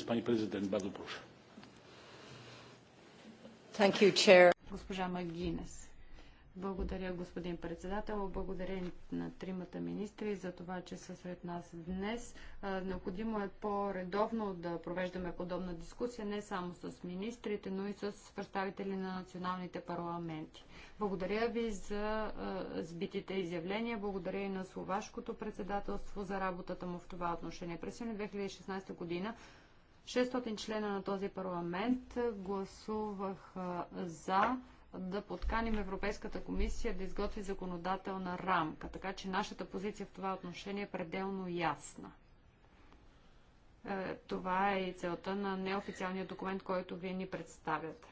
Пани президент, бързо прошу. You, Госпожа Магинес. Благодаря, господин председател. Благодаря на тримата министри за това, че са сред нас днес. Необходимо е по-редовно да провеждаме подобна дискусия не само с министрите, но и с представители на националните парламенти. Благодаря ви за сбитите изявления. Благодаря и на словашкото председателство за работата му в това отношение. През 2016 година 600 члена на този парламент гласуваха за да подканим Европейската комисия да изготви законодателна рамка. Така че нашата позиция в това отношение е пределно ясна. Е, това е и целта на неофициалния документ, който вие ни представяте.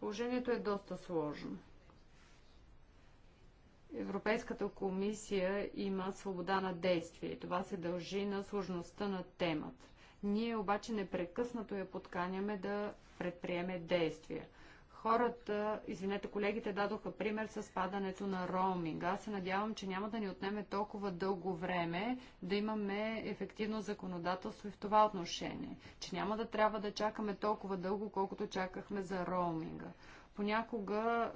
Положението е доста сложно. Европейската комисия има свобода на действие и това се дължи на сложността на темата. Ние обаче непрекъснато я подканяме да предприеме действия. Хората, извинете, колегите дадоха пример с падането на роуминг. Аз се надявам, че няма да ни отнеме толкова дълго време да имаме ефективно законодателство и в това отношение. Че няма да трябва да чакаме толкова дълго, колкото чакахме за роуминга понякога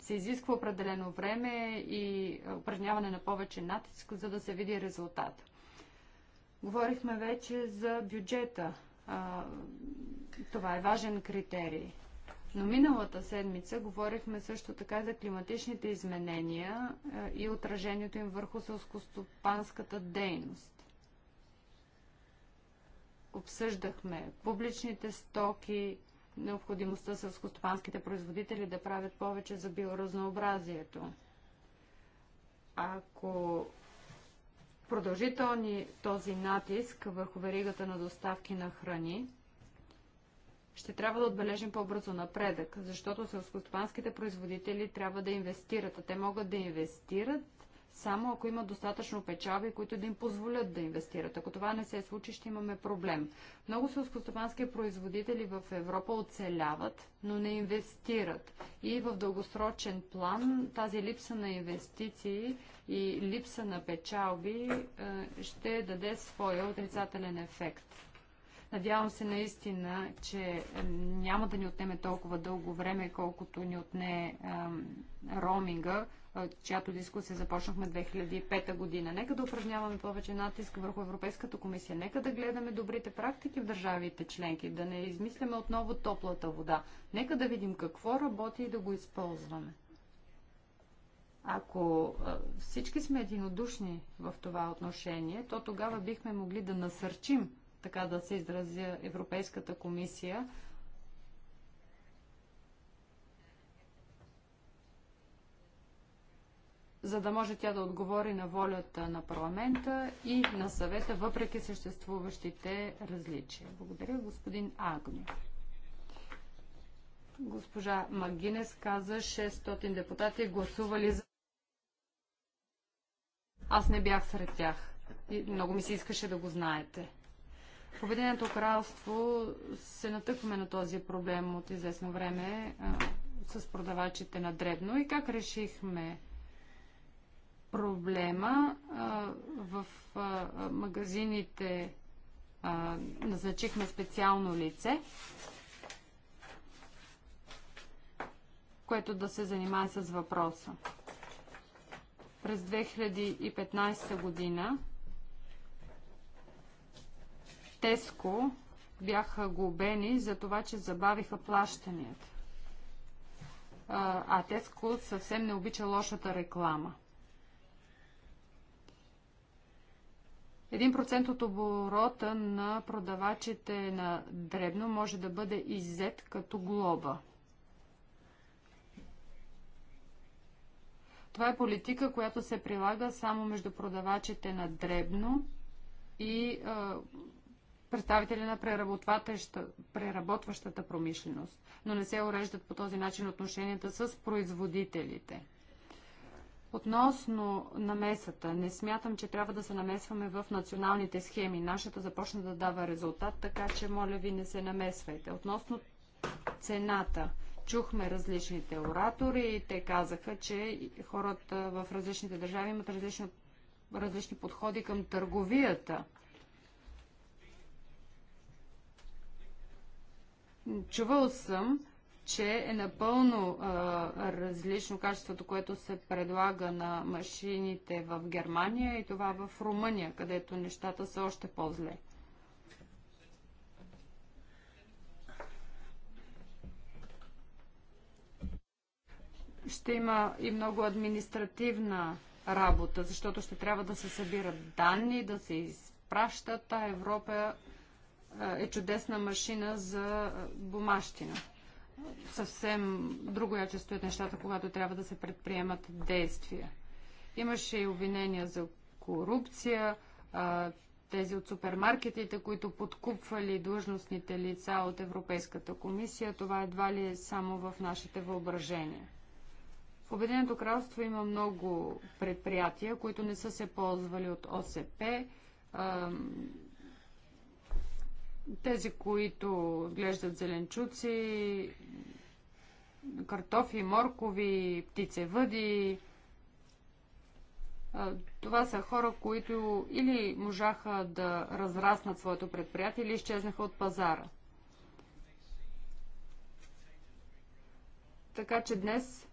се изисква определено време и упражняване на повече натиск, за да се види резултат. Говорихме вече за бюджета. А, това е важен критерий. Но миналата седмица говорихме също така за климатичните изменения а, и отражението им върху селскостопанската дейност. Обсъждахме публичните стоки, необходимостта селскостопанските производители да правят повече за биоразнообразието. Ако продължителни този натиск върху веригата на доставки на храни, ще трябва да отбележим по-бързо напредък, защото селскостопанските производители трябва да инвестират, а те могат да инвестират само ако има достатъчно печалби, които да им позволят да инвестират. Ако това не се случи, ще имаме проблем. Много селскостопански производители в Европа оцеляват, но не инвестират. И в дългосрочен план тази липса на инвестиции и липса на печалби е, ще даде своя отрицателен ефект. Надявам се наистина, че е, няма да ни отнеме толкова дълго време, колкото ни отне роминга, чиято дискусия започнахме 2005 година. Нека да упражняваме повече натиск върху Европейската комисия. Нека да гледаме добрите практики в държавите членки, да не измисляме отново топлата вода. Нека да видим какво работи и да го използваме. Ако всички сме единодушни в това отношение, то тогава бихме могли да насърчим, така да се изразя Европейската комисия, за да може тя да отговори на волята на парламента и на съвета, въпреки съществуващите различия. Благодаря, господин Агни. Госпожа Магинес каза 600 депутати гласували за... Аз не бях сред тях. И много ми се искаше да го знаете. В Обединеното кралство се натъкваме на този проблем от известно време а, с продавачите на дребно и как решихме проблема. В магазините назначихме специално лице, което да се занимава с въпроса. През 2015 година Теско бяха глобени за това, че забавиха плащанията. А Теско съвсем не обича лошата реклама. 1% от оборота на продавачите на дребно може да бъде иззет като глоба. Това е политика, която се прилага само между продавачите на дребно и е, представители на преработващата промишленост, но не се уреждат по този начин отношенията с производителите. Относно намесата, не смятам, че трябва да се намесваме в националните схеми. Нашата започна да дава резултат, така че моля ви не се намесвайте. Относно цената, чухме различните оратори и те казаха, че хората в различните държави имат различни, различни подходи към търговията. Чувал съм, че е напълно а, различно качеството, което се предлага на машините в Германия и това в Румъния, където нещата са още по-зле. Ще има и много административна работа, защото ще трябва да се събират данни, да се изпращат. а Европа е чудесна машина за бумащина съвсем друго яче е, стоят нещата, когато трябва да се предприемат действия. Имаше и обвинения за корупция, тези от супермаркетите, които подкупвали длъжностните лица от Европейската комисия. Това едва ли е само в нашите въображения. В Обединеното кралство има много предприятия, които не са се ползвали от ОСП тези, които отглеждат зеленчуци, картофи, моркови, птицевъди. Това са хора, които или можаха да разраснат своето предприятие, или изчезнаха от пазара. Така че днес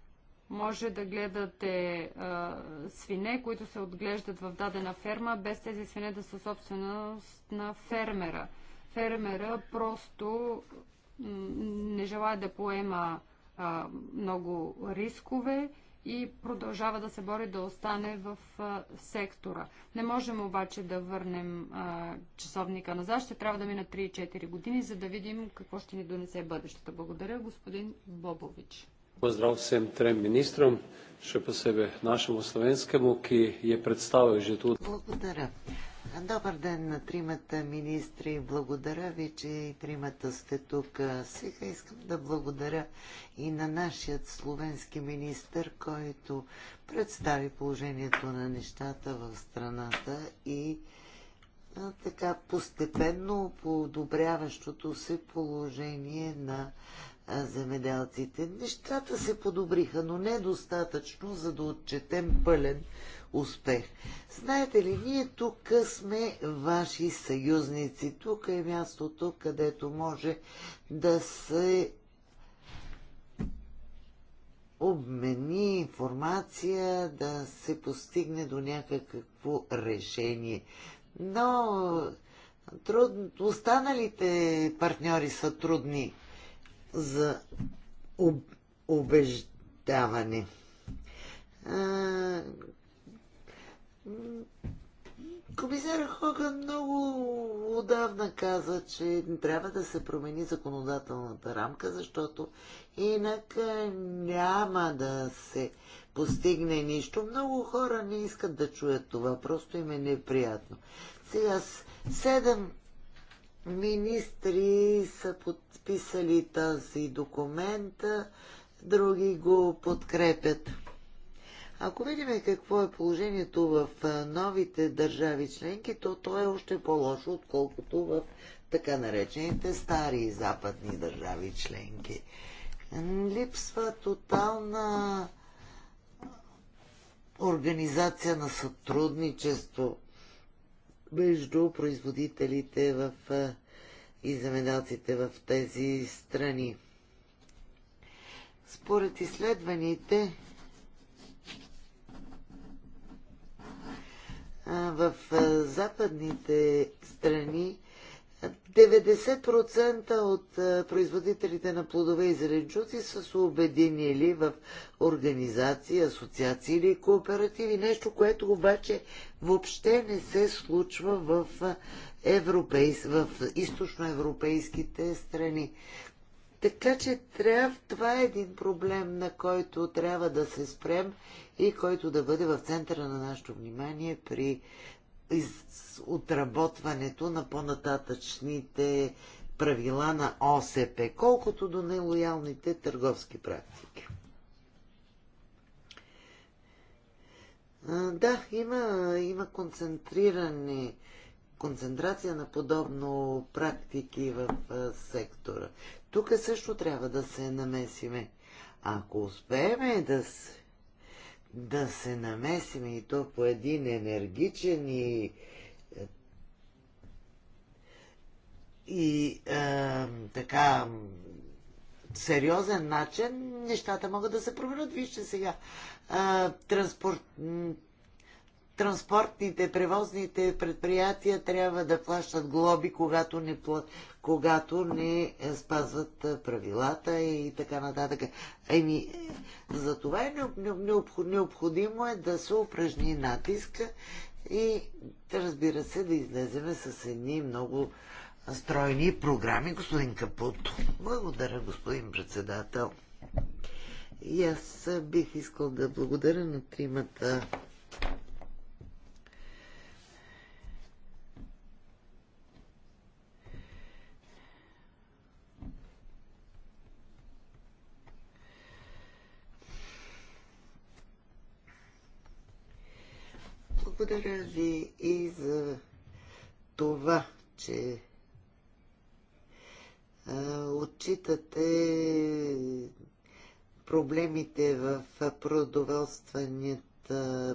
може да гледате а, свине, които се отглеждат в дадена ферма, без тези свине да са собственост на фермера фермера просто не желая да поема а, много рискове и продължава да се бори да остане в а, сектора. Не можем обаче да върнем а, часовника назад. Ще трябва да мина 3-4 години, за да видим какво ще ни донесе бъдещето. Благодаря, господин Бобович. Поздрав всем трем министрам, ще по себе нашему ki ки е представил tudi. Благодаря. Добър ден на тримата министри. Благодаря ви, че и тримата сте тук. Сега искам да благодаря и на нашият словенски министр, който представи положението на нещата в страната и така постепенно подобряващото се положение на земеделците. Нещата се подобриха, но недостатъчно, за да отчетем пълен успех. Знаете ли, ние тук сме ваши съюзници. Тук е мястото, където може да се обмени информация, да се постигне до някакво решение. Но труд... останалите партньори са трудни за об, убеждаване. Комисар Хоган много отдавна каза, че трябва да се промени законодателната рамка, защото инак е, няма да се постигне нищо. Много хора не искат да чуят това, просто им е неприятно. Сега седем министри са подписали тази документа, други го подкрепят. Ако видим какво е положението в новите държави членки, то то е още по-лошо, отколкото в така наречените стари западни държави членки. Липсва тотална организация на сътрудничество между производителите в, и земеделците в тези страни. Според изследваните, в западните страни 90% от производителите на плодове и зеленчуци са се обединили в организации, асоциации или кооперативи. Нещо, което обаче въобще не се случва в, европейс... в източноевропейските страни. Така че трябва, това е един проблем, на който трябва да се спрем и който да бъде в центъра на нашето внимание при из... отработването на по-нататъчните правила на ОСП, колкото до нелоялните търговски практики. А, да, има, има концентриране, концентрация на подобно практики в а, сектора. Тук също трябва да се намесиме. Ако успееме да се, да се намесим и то по един енергичен и е, и е, така сериозен начин нещата могат да се променят. Вижте сега, е, транспорт, транспортните, превозните предприятия трябва да плащат глоби, когато не, пла... когато не е, спазват е, правилата и така нататък. Еми, за това е необходимо е да се упражни натиска и разбира се да излеземе с едни много стройни програми, господин Капуто. Благодаря, господин председател. И аз бих искал да благодаря на тримата Благодаря ви и за това, че отчитате проблемите в по, по,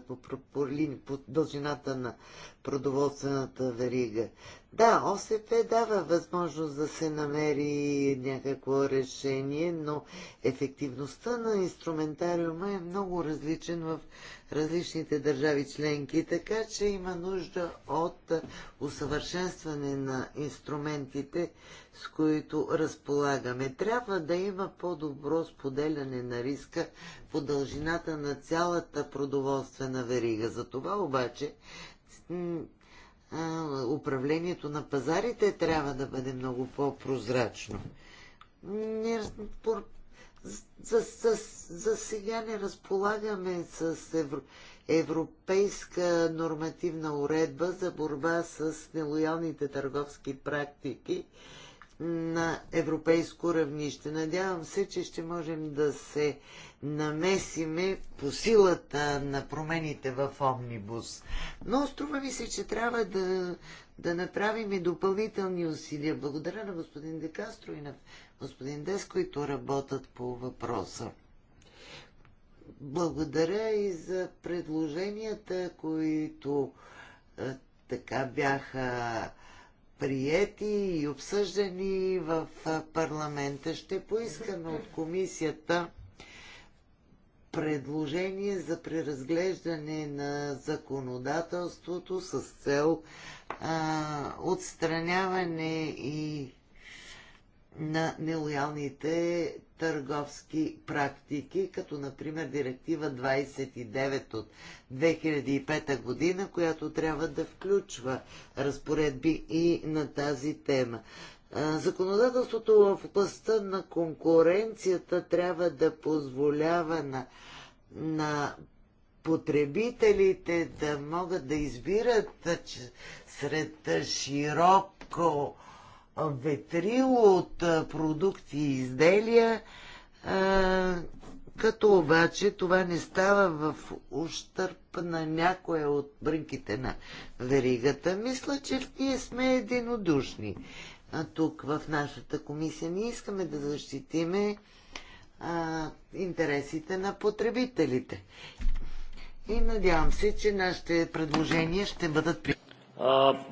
по, по, по дължината на продоволствената верига. Да, ОСП дава възможност да се намери някакво решение, но ефективността на инструментариума е много различен в различните държави членки, така че има нужда от усъвършенстване на инструментите, с които разполагаме. Трябва да има по-добро споделяне на риска по дължината на цялата продоволствена верига. За това обаче управлението на пазарите трябва да бъде много по-прозрачно. За, за, за сега не разполагаме с евро, европейска нормативна уредба за борба с нелоялните търговски практики на европейско равнище. Надявам се, че ще можем да се намесиме по силата на промените в Омнибус. Но струва ми се, че трябва да, да направим и допълнителни усилия. Благодаря на господин Декастро и на господин Дес, които работят по въпроса. Благодаря и за предложенията, които е, така бяха приети и обсъждани в парламента. Ще поискаме от комисията предложение за преразглеждане на законодателството с цел а, отстраняване и на нелоялните търговски практики, като например директива 29 от 2005 година, която трябва да включва разпоредби и на тази тема. Законодателството в областта на конкуренцията трябва да позволява на, на потребителите да могат да избират сред широко ветрило от продукти и изделия, като обаче това не става в ущърп на някоя от брънките на веригата. Мисля, че ние сме единодушни а тук в нашата комисия. Ние искаме да защитиме а, интересите на потребителите. И надявам се, че нашите предложения ще бъдат при...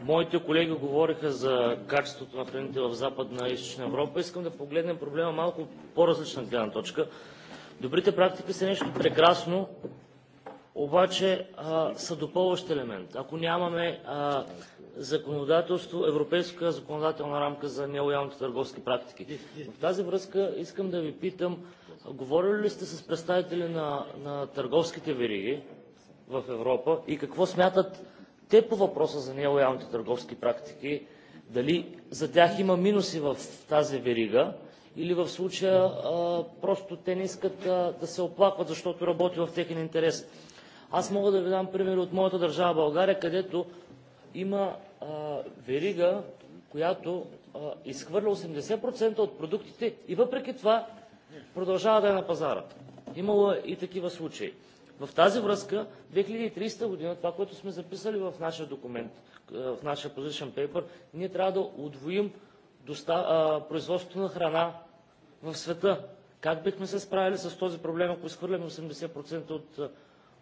Моите колеги говориха за качеството на храните в Западна и Източна Европа. Искам да погледнем проблема малко по-различна гледна точка. Добрите практики са нещо прекрасно, обаче а, са допълващ елемент. Ако нямаме а, законодателство, европейска законодателна рамка за нелоялните търговски практики. В тази връзка искам да ви питам, говорили ли сте с представители на, на търговските вериги в Европа и какво смятат те по въпроса за нелоялните търговски практики, дали за тях има минуси в тази верига или в случая а, просто те не искат а, да се оплакват, защото работи в техен интерес. Аз мога да ви дам пример от моята държава България, където има а, верига, която а, изхвърля 80% от продуктите и въпреки това продължава да е на пазара. Имало е и такива случаи. В тази връзка 2030 година, това, което сме записали в нашия документ, е, в нашия position paper, ние трябва да удвоим производството на храна в света. Как бихме се справили с този проблем, ако изхвърляме 80% от,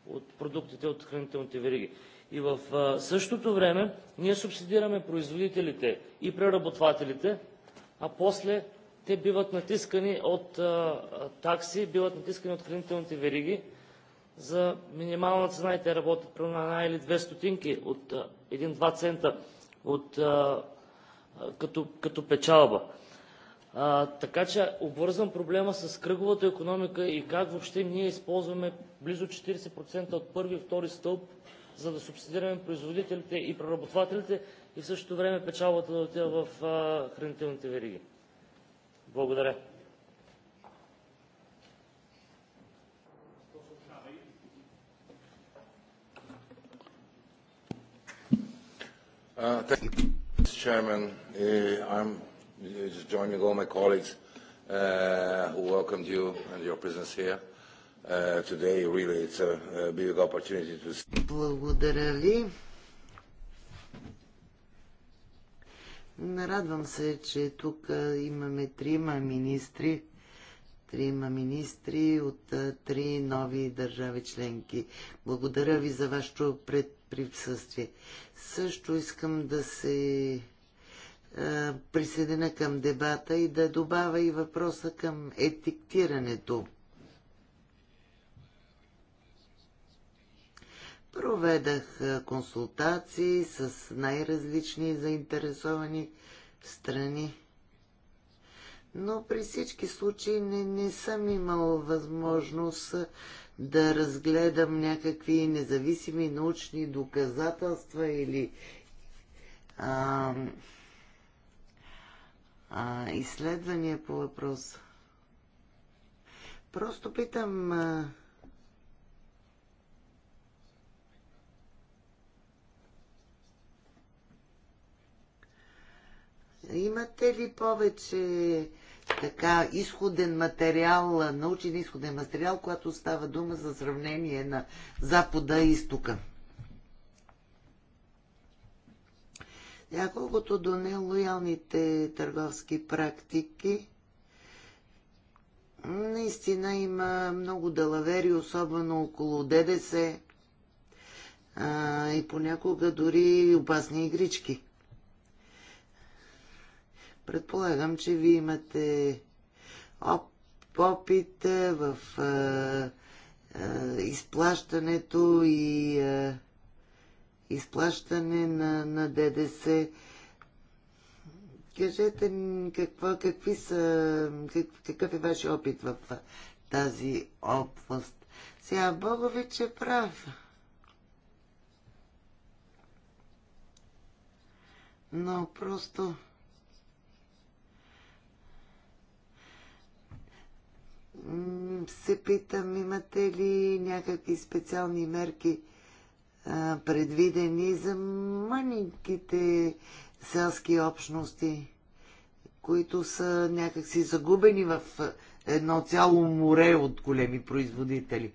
от продуктите от хранителните вериги? И в същото време ние субсидираме производителите и преработвателите, а после те биват натискани от а, такси, биват натискани от хранителните вериги за минимална цена и те работят при една или две стотинки от един-два цента от, като, като печалба. А, така че обвързвам проблема с кръговата економика и как въобще ние използваме близо 40% от първи и втори стълб, за да субсидираме производителите и преработвателите и в същото време печалбата да отива в а, хранителните вериги. Благодаря. thank you, Mr. Chairman. I'm just joining all my colleagues who welcomed you and your presence here. today, really, it's a, big opportunity to see. Благодаря ви. Нарадвам се, че тук имаме трима министри, трима министри от три нови държави членки. Благодаря ви за вашето пред присъствие. Също искам да се присъединя към дебата и да добавя и въпроса към етиктирането. Проведах консултации с най-различни заинтересовани страни. Но при всички случаи не, не съм имал възможност да разгледам някакви независими научни доказателства или а, а, изследвания по въпроса. Просто питам. А, имате ли повече така изходен материал, научен изходен материал, когато става дума за сравнение на Запада и Изтока. Няколкото до нелоялните търговски практики, наистина има много далавери, особено около ДДС а, и понякога дори опасни игрички. Предполагам, че вие имате опит е, в е, е, изплащането и изплащане на, на ДДС. Кажете какво, какви са, как, какъв е вашия опит в тази област. Сега Богович е прав. Но просто се питам, имате ли някакви специални мерки а, предвидени за маленьките селски общности, които са някакси загубени в едно цяло море от големи производители?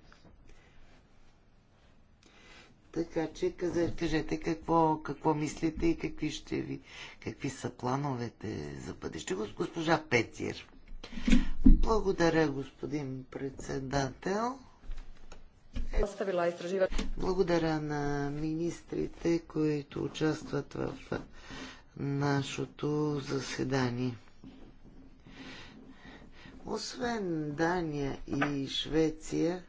Така че кажете какво, какво мислите и какви ще ви, какви са плановете за бъдеще. Госпожа Петир. Благодаря, господин председател. Благодаря на министрите, които участват в нашето заседание. Освен Дания и Швеция,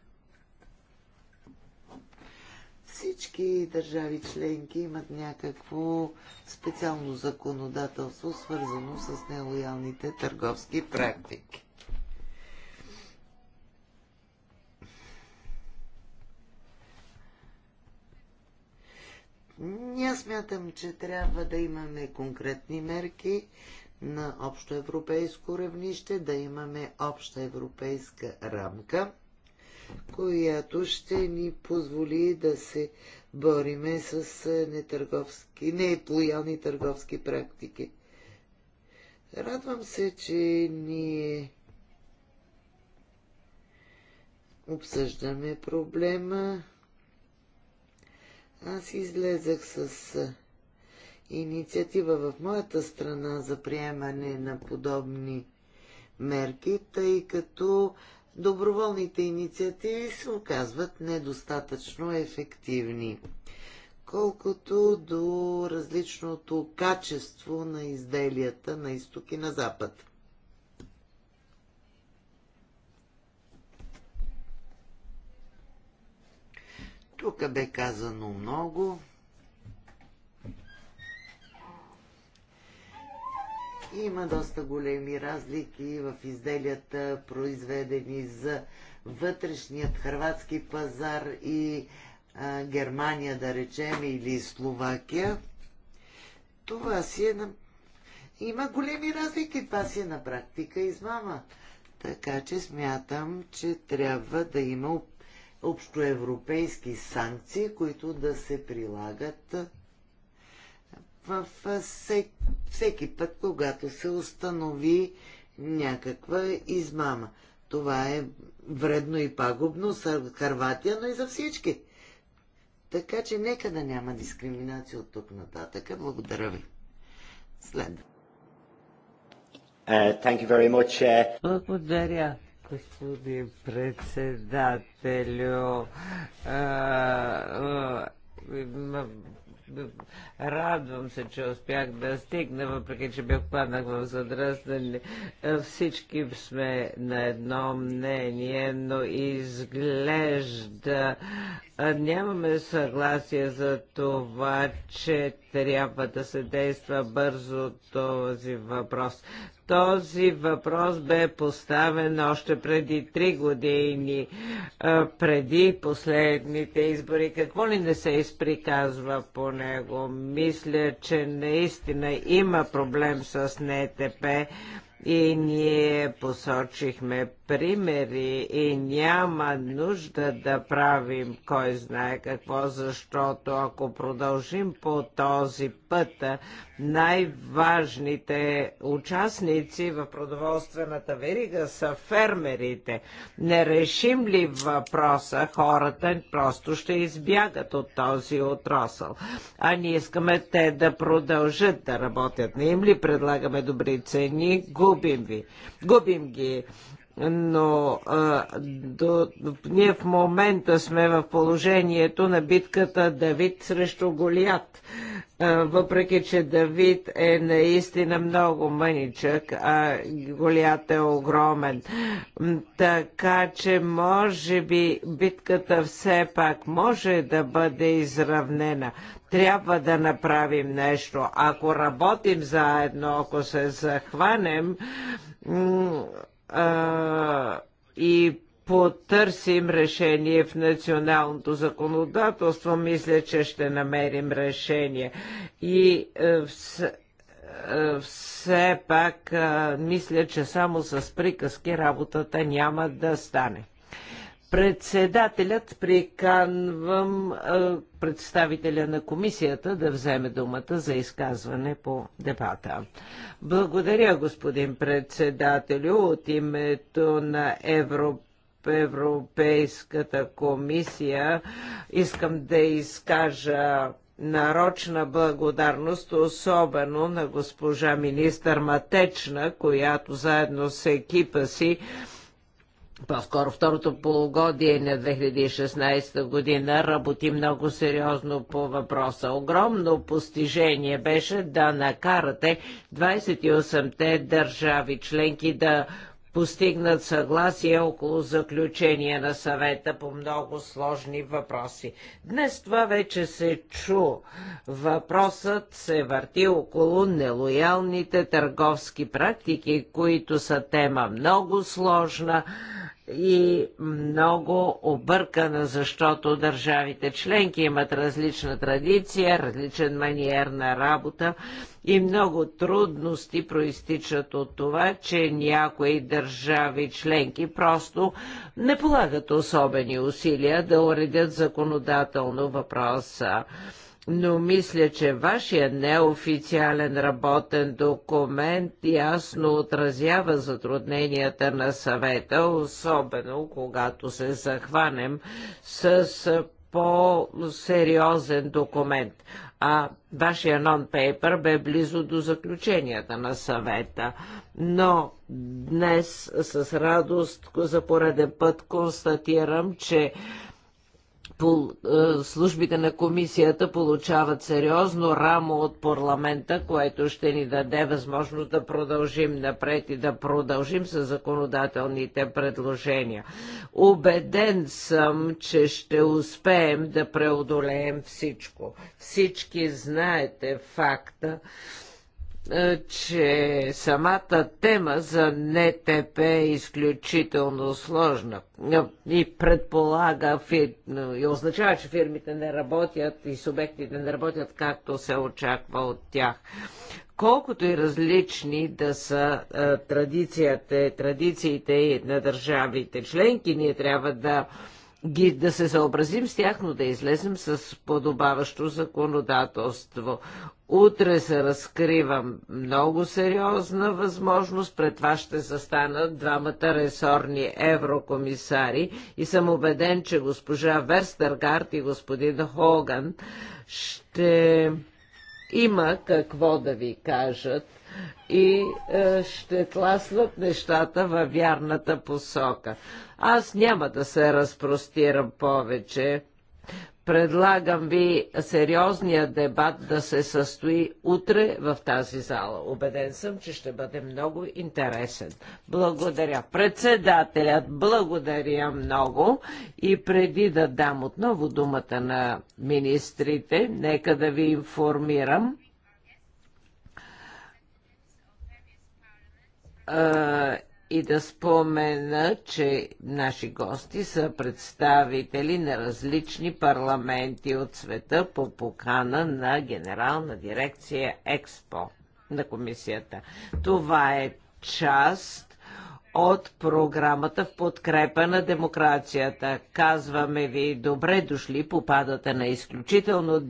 всички държави членки имат някакво специално законодателство, свързано с нелоялните търговски практики. Ние смятам, че трябва да имаме конкретни мерки на общо европейско равнище, да имаме обща европейска рамка, която ще ни позволи да се бориме с е, нетърговски, нелоялни търговски практики. Радвам се, че ние обсъждаме проблема аз излезах с инициатива в моята страна за приемане на подобни мерки, тъй като доброволните инициативи се оказват недостатъчно ефективни. Колкото до различното качество на изделията на изток и на запад. Тук бе казано много. Има доста големи разлики в изделията, произведени за вътрешният хрватски пазар и а, Германия, да речем, или Словакия. Това си е на... Има големи разлики, това си е на практика измама. Така че смятам, че трябва да има общоевропейски санкции, които да се прилагат във всеки, всеки път, когато се установи някаква измама. Това е вредно и пагубно за Харватия, но и за всички. Така че нека да няма дискриминация от тук нататък. Благодаря ви. Следва. Uh, thank you very much. Uh... Благодаря господин председателю. Радвам се, че успях да стигна, въпреки че бях паднах в задръстане. Всички сме на едно мнение, но изглежда нямаме съгласие за това, че трябва да се действа бързо този въпрос. Този въпрос бе поставен още преди три години, преди последните избори. Какво ли не се изприказва по него? Мисля, че наистина има проблем с НТП и ние посочихме примери и няма нужда да правим кой знае какво, защото ако продължим по този път, най-важните участници в продоволствената верига са фермерите. Не решим ли въпроса, хората просто ще избягат от този отрасъл. А ние искаме те да продължат да работят. Не им ли предлагаме добри цени? Губим ви. Губим ги но а, до, ние в момента сме в положението на битката Давид срещу Голият. А, въпреки, че Давид е наистина много мъничък, а Голият е огромен. Така че, може би, битката все пак може да бъде изравнена трябва да направим нещо. Ако работим заедно, ако се захванем, а, и потърсим решение в националното законодателство, мисля, че ще намерим решение. И а, е, вс, а, е, все пак а, е, мисля, че само с приказки работата няма да стане. Председателят приканвам е, представителя на комисията да вземе думата за изказване по дебата. Благодаря, господин председателю, от името на Европа Европейската комисия. Искам да изкажа нарочна благодарност, особено на госпожа министър Матечна, която заедно с екипа си по-скоро второто полугодие на 2016 година работи много сериозно по въпроса. Огромно постижение беше да накарате 28-те държави членки да постигнат съгласие около заключение на съвета по много сложни въпроси. Днес това вече се чу. Въпросът се върти около нелоялните търговски практики, които са тема много сложна и много объркана, защото държавите членки имат различна традиция, различен маниер на работа и много трудности проистичат от това, че някои държави членки просто не полагат особени усилия да уредят законодателно въпроса но мисля, че вашия неофициален работен документ ясно отразява затрудненията на съвета, особено когато се захванем с по-сериозен документ. А вашия нон-пейпер бе близо до заключенията на съвета. Но днес с радост за пореден път констатирам, че е, службите на комисията получават сериозно рамо от парламента, което ще ни даде възможност да продължим напред и да продължим с законодателните предложения. Обеден съм, че ще успеем да преодолеем всичко. Всички знаете факта, е, че самата тема за НТП е изключително сложна е, и предполага е, и означава, че фирмите не работят и субектите не работят както се очаква от тях. Колкото и различни да са традицията, традициите на държавите членки, ние трябва да ги, да се съобразим с тях, но да излезем с подобаващо законодателство. Утре се разкривам много сериозна възможност. Пред това ще застанат двамата ресорни еврокомисари и съм убеден, че госпожа Верстергард и господин Хоган ще има какво да ви кажат и е, ще тласнат нещата във вярната посока. Аз няма да се разпростирам повече. Предлагам ви сериозния дебат да се състои утре в тази зала. Обеден съм, че ще бъде много интересен. Благодаря. Председателят, благодаря много. И преди да дам отново думата на министрите, нека да ви информирам, и да спомена, че наши гости са представители на различни парламенти от света по покана на Генерална дирекция Експо на комисията. Това е част от програмата в подкрепа на демокрацията. Казваме ви добре дошли, попадате на изключително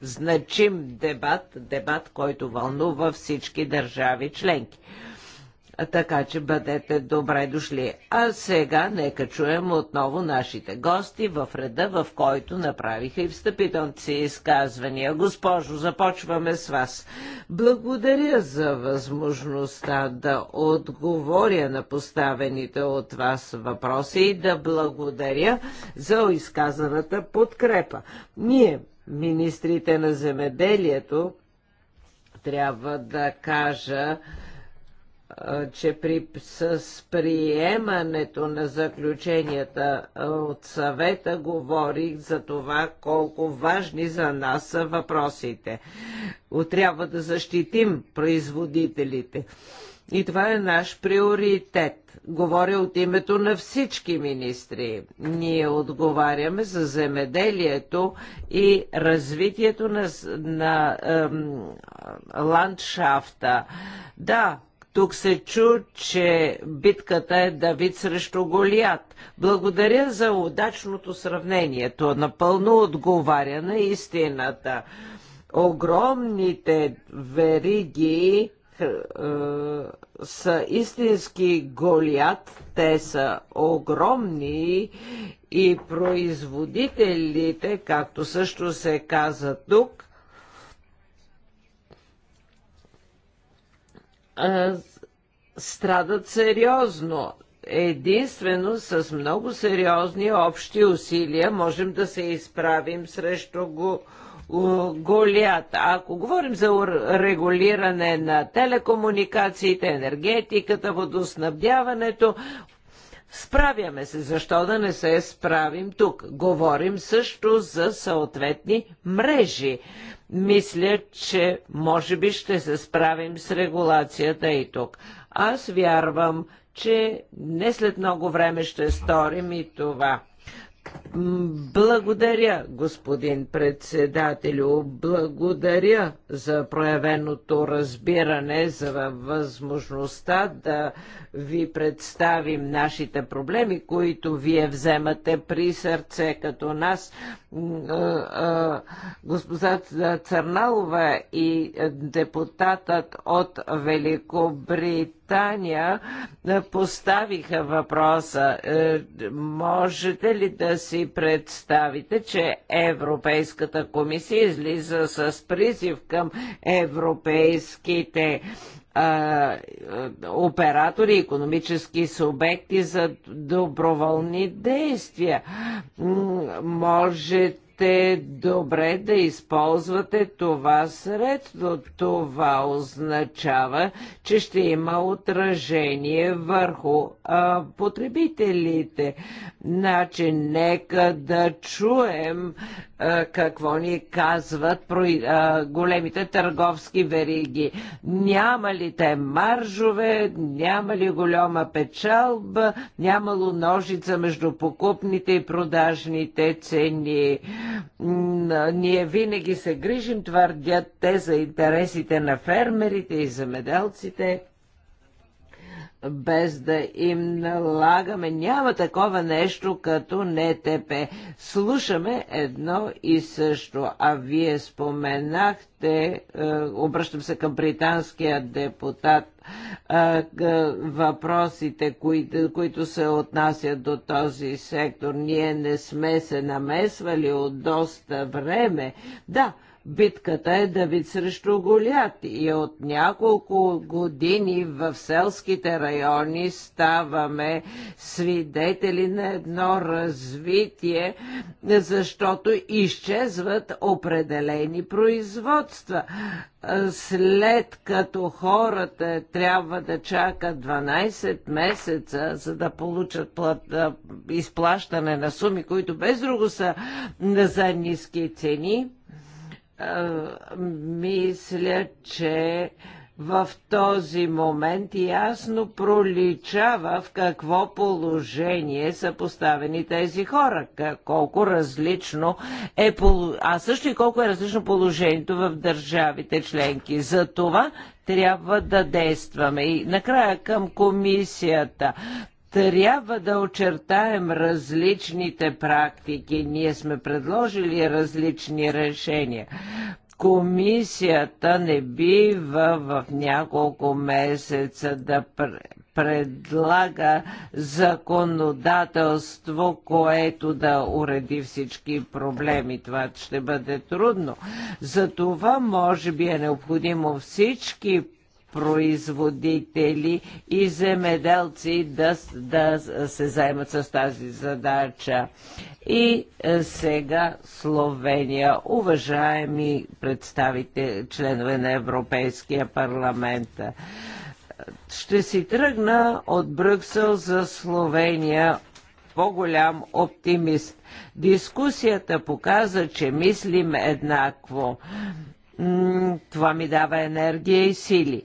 значим дебат, дебат, който вълнува всички държави членки. Така че бъдете добре дошли. А сега нека чуем отново нашите гости в реда, в който направиха и встъпителните си изказвания. Госпожо, започваме с вас. Благодаря за възможността да отговоря на поставените от вас въпроси и да благодаря за изказаната подкрепа. Ние, министрите на земеделието, трябва да кажа, че при, с приемането на заключенията от съвета говорих за това колко важни за нас са въпросите. Трябва да защитим производителите. И това е наш приоритет. Говоря от името на всички министри. Ние отговаряме за земеделието и развитието на, на ем, ландшафта. Да, тук се чу, че битката е Давид срещу Голият. Благодаря за удачното сравнение. То напълно отговаря на истината. Огромните вериги е, са истински голят, те са огромни и производителите, както също се каза тук, а, страдат сериозно. Единствено с много сериозни общи усилия можем да се изправим срещу го, голят. Ако говорим за регулиране на телекомуникациите, енергетиката, водоснабдяването, Справяме се, защо да не се справим тук? Говорим също за съответни мрежи. Мисля, че може би ще се справим с регулацията и тук. Аз вярвам, че не след много време ще сторим и това. Благодаря, господин председателю, благодаря за проявеното разбиране, за възможността да ви представим нашите проблеми, които вие вземате при сърце като нас госпожа Църналова и депутатът от Великобритания поставиха въпроса. Е, можете ли да си представите, че Европейската комисия излиза с призив към европейските оператори, економически субекти за доброволни действия. Можете добре да използвате това средство. Това означава, че ще има отражение върху а, потребителите. Значи, нека да чуем какво ни казват големите търговски вериги. Няма ли те маржове, няма ли голяма печалба, нямало ножица между покупните и продажните цени. Ние винаги се грижим, твърдят те, за интересите на фермерите и земеделците без да им налагаме. Няма такова нещо като НТП. Слушаме едно и също. А вие споменахте, е, обръщам се към британския депутат, е, въпросите, които, които се отнасят до този сектор. Ние не сме се намесвали от доста време. Да, Битката е Давид срещу Голят и от няколко години в селските райони ставаме свидетели на едно развитие, защото изчезват определени производства. След като хората трябва да чакат 12 месеца, за да получат плат, изплащане на суми, които без друго са за ниски цени, мисля, че в този момент ясно проличава в какво положение са поставени тези хора, колко различно е, а също и колко е различно положението в държавите членки. За това трябва да действаме. И накрая към комисията трябва да очертаем различните практики. Ние сме предложили различни решения. Комисията не бива в няколко месеца да предлага законодателство, което да уреди всички проблеми. Това ще бъде трудно. Затова може би е необходимо всички производители и земеделци да, да се заемат с тази задача. И е, сега Словения, уважаеми представители, членове на Европейския парламент. Е, ще си тръгна от Брюксел за Словения по-голям оптимист. Дискусията показа, че мислим еднакво. Това ми дава енергия и сили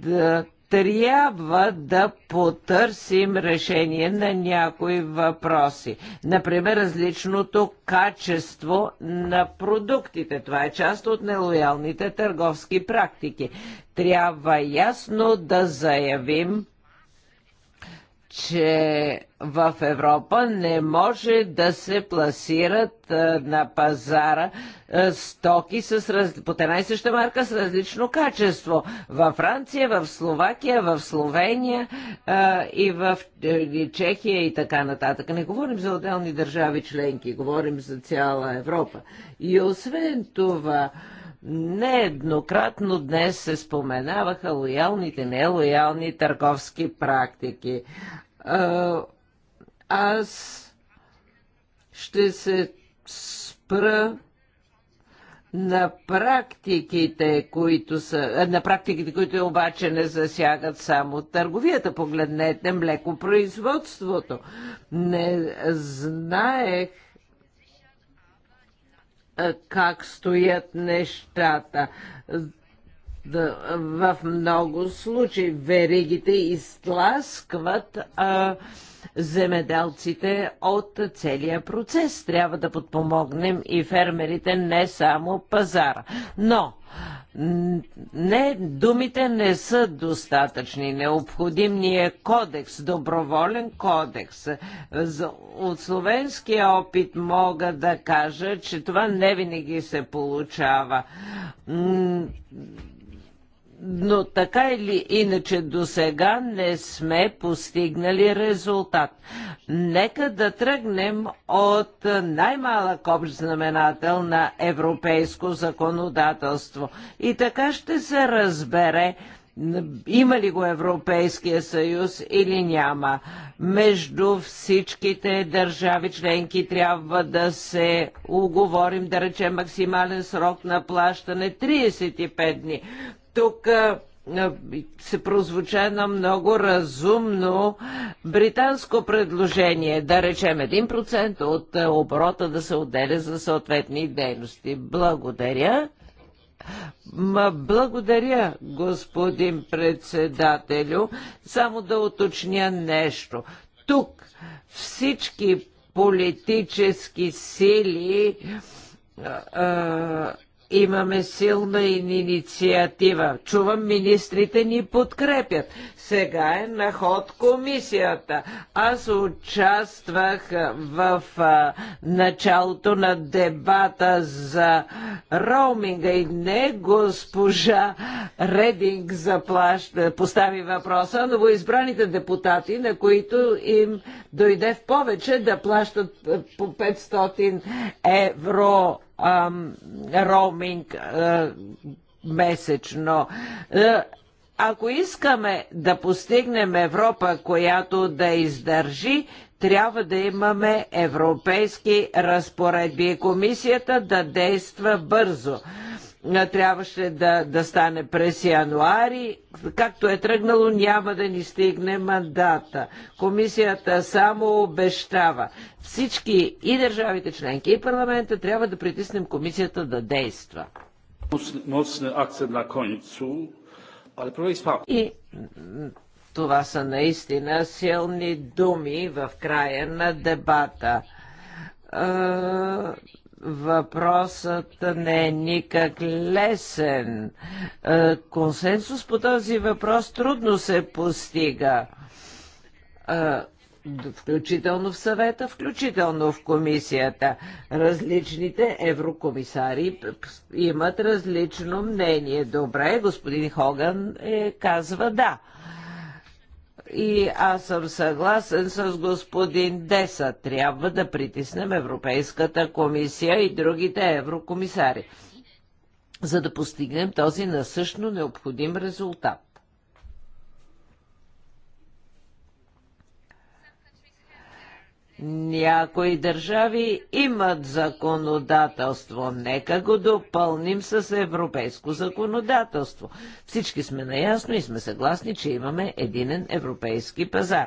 да е, трябва да потърсим решение на някои въпроси. Например, различното качество на продуктите. Това е част от нелоялните търговски практики. Трябва ясно да заявим, че в Европа не може да се пласират е, на пазара е, стоки с раз... по една и съща марка с различно качество. Във Франция, в Словакия, в Словения а, е, и в е, и Чехия и така нататък. Не говорим за отделни държави членки, говорим за цяла Европа. И освен това, нееднократно днес се споменаваха лоялните, нелоялни търговски практики. А, аз ще се спра на практиките, които са, на практиките, които обаче не засягат само търговията. Погледнете млекопроизводството. Не знаех как стоят нещата. Да. в много случаи веригите изтласкват а, земеделците от целия процес. Трябва да подпомогнем и фермерите, не само пазара. Но не, думите не са достатъчни. Необходим ни е кодекс, доброволен кодекс. От словенския опит мога да кажа, че това не винаги се получава но така или иначе до сега не сме постигнали резултат. Нека да тръгнем от най-малък общ знаменател на европейско законодателство. И така ще се разбере има ли го Европейския съюз или няма. Между всичките държави членки трябва да се уговорим, да речем максимален срок на плащане 35 дни. Тук се прозвуча едно много разумно британско предложение, да речем 1% от оборота да се отделя за съответни дейности. Благодаря. Ма благодаря, господин председателю. Само да уточня нещо. Тук всички политически сили а, а, Имаме силна инициатива. Чувам, министрите ни подкрепят. Сега е на ход комисията. Аз участвах в а, началото на дебата за роуминга и не госпожа Рединг заплаща, постави въпроса, но избраните депутати, на които им дойде в повече да плащат по 500 евро роуминг месечно. Ако искаме да постигнем Европа, която да издържи, трябва да имаме европейски разпоредби и комисията да действа бързо трябваше да, да стане през януари. Както е тръгнало, няма да ни стигне мандата. Комисията само обещава. Всички и държавите членки, и парламента трябва да притиснем комисията да действа. И това са наистина силни думи в края на дебата. Е, Въпросът не е никак лесен. Е, консенсус по този въпрос трудно се постига е, включително в съвета, включително в комисията. Различните еврокомисари имат различно мнение. Добре, господин Хоган е, казва да. И аз съм съгласен с господин Деса. Трябва да притиснем Европейската комисия и другите еврокомисари, за да постигнем този насъщно необходим резултат. Някои държави имат законодателство. Нека го допълним с европейско законодателство. Всички сме наясно и сме съгласни, че имаме единен европейски пазар.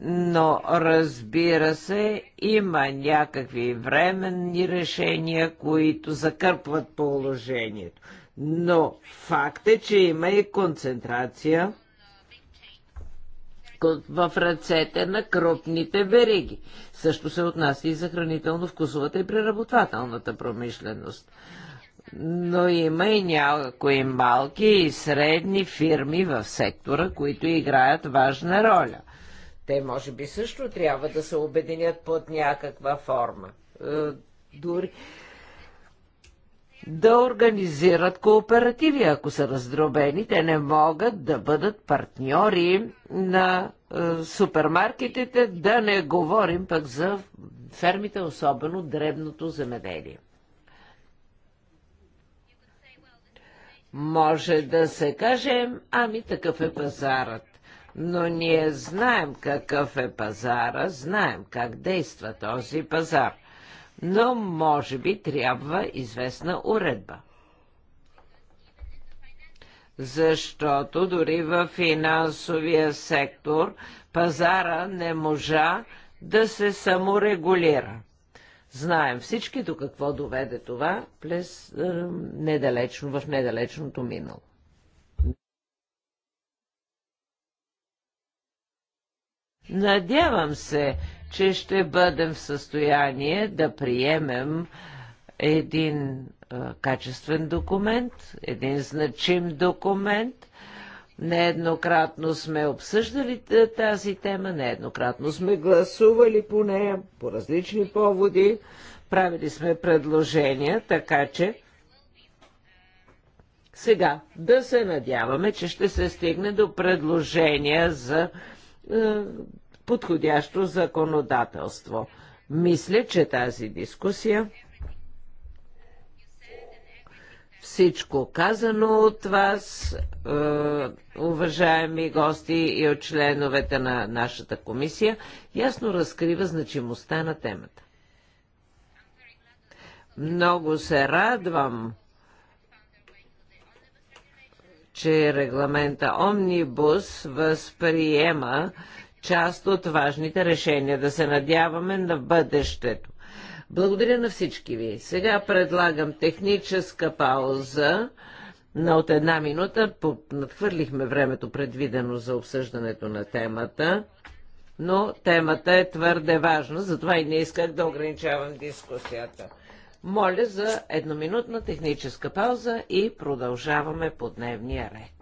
Но разбира се, има някакви временни решения, които закърпват положението. Но факт е, че има и концентрация в ръцете на крупните вериги. Също се отнася и за хранително-вкусовата и преработвателната промишленост. Но има и някои малки и средни фирми в сектора, които играят важна роля. Те може би също трябва да се обединят под някаква форма. Е, дори да организират кооперативи. Ако са раздробени, те не могат да бъдат партньори на е, супермаркетите, да не говорим пък за фермите, особено дребното земеделие. Може да се кажем, ами такъв е пазарът. Но ние знаем какъв е пазара, знаем как действа този пазар но може би трябва известна уредба. Защото дори в финансовия сектор пазара не можа да се саморегулира. Знаем всички до какво доведе това през е, недалечно, в недалечното минало. Надявам се, че ще бъдем в състояние да приемем един качествен документ, един значим документ. Нееднократно сме обсъждали тази тема, нееднократно сме гласували по нея по различни поводи, правили сме предложения, така че сега да се надяваме, че ще се стигне до предложения за подходящо законодателство. Мисля, че тази дискусия всичко казано от вас, е, уважаеми гости и от членовете на нашата комисия, ясно разкрива значимостта на темата. Много се радвам, че регламента Омнибус възприема част от важните решения. Да се надяваме на бъдещето. Благодаря на всички ви. Сега предлагам техническа пауза на от една минута. Надхвърлихме времето предвидено за обсъждането на темата, но темата е твърде важна, затова и не исках да ограничавам дискусията. Моля за едноминутна техническа пауза и продължаваме по дневния ред.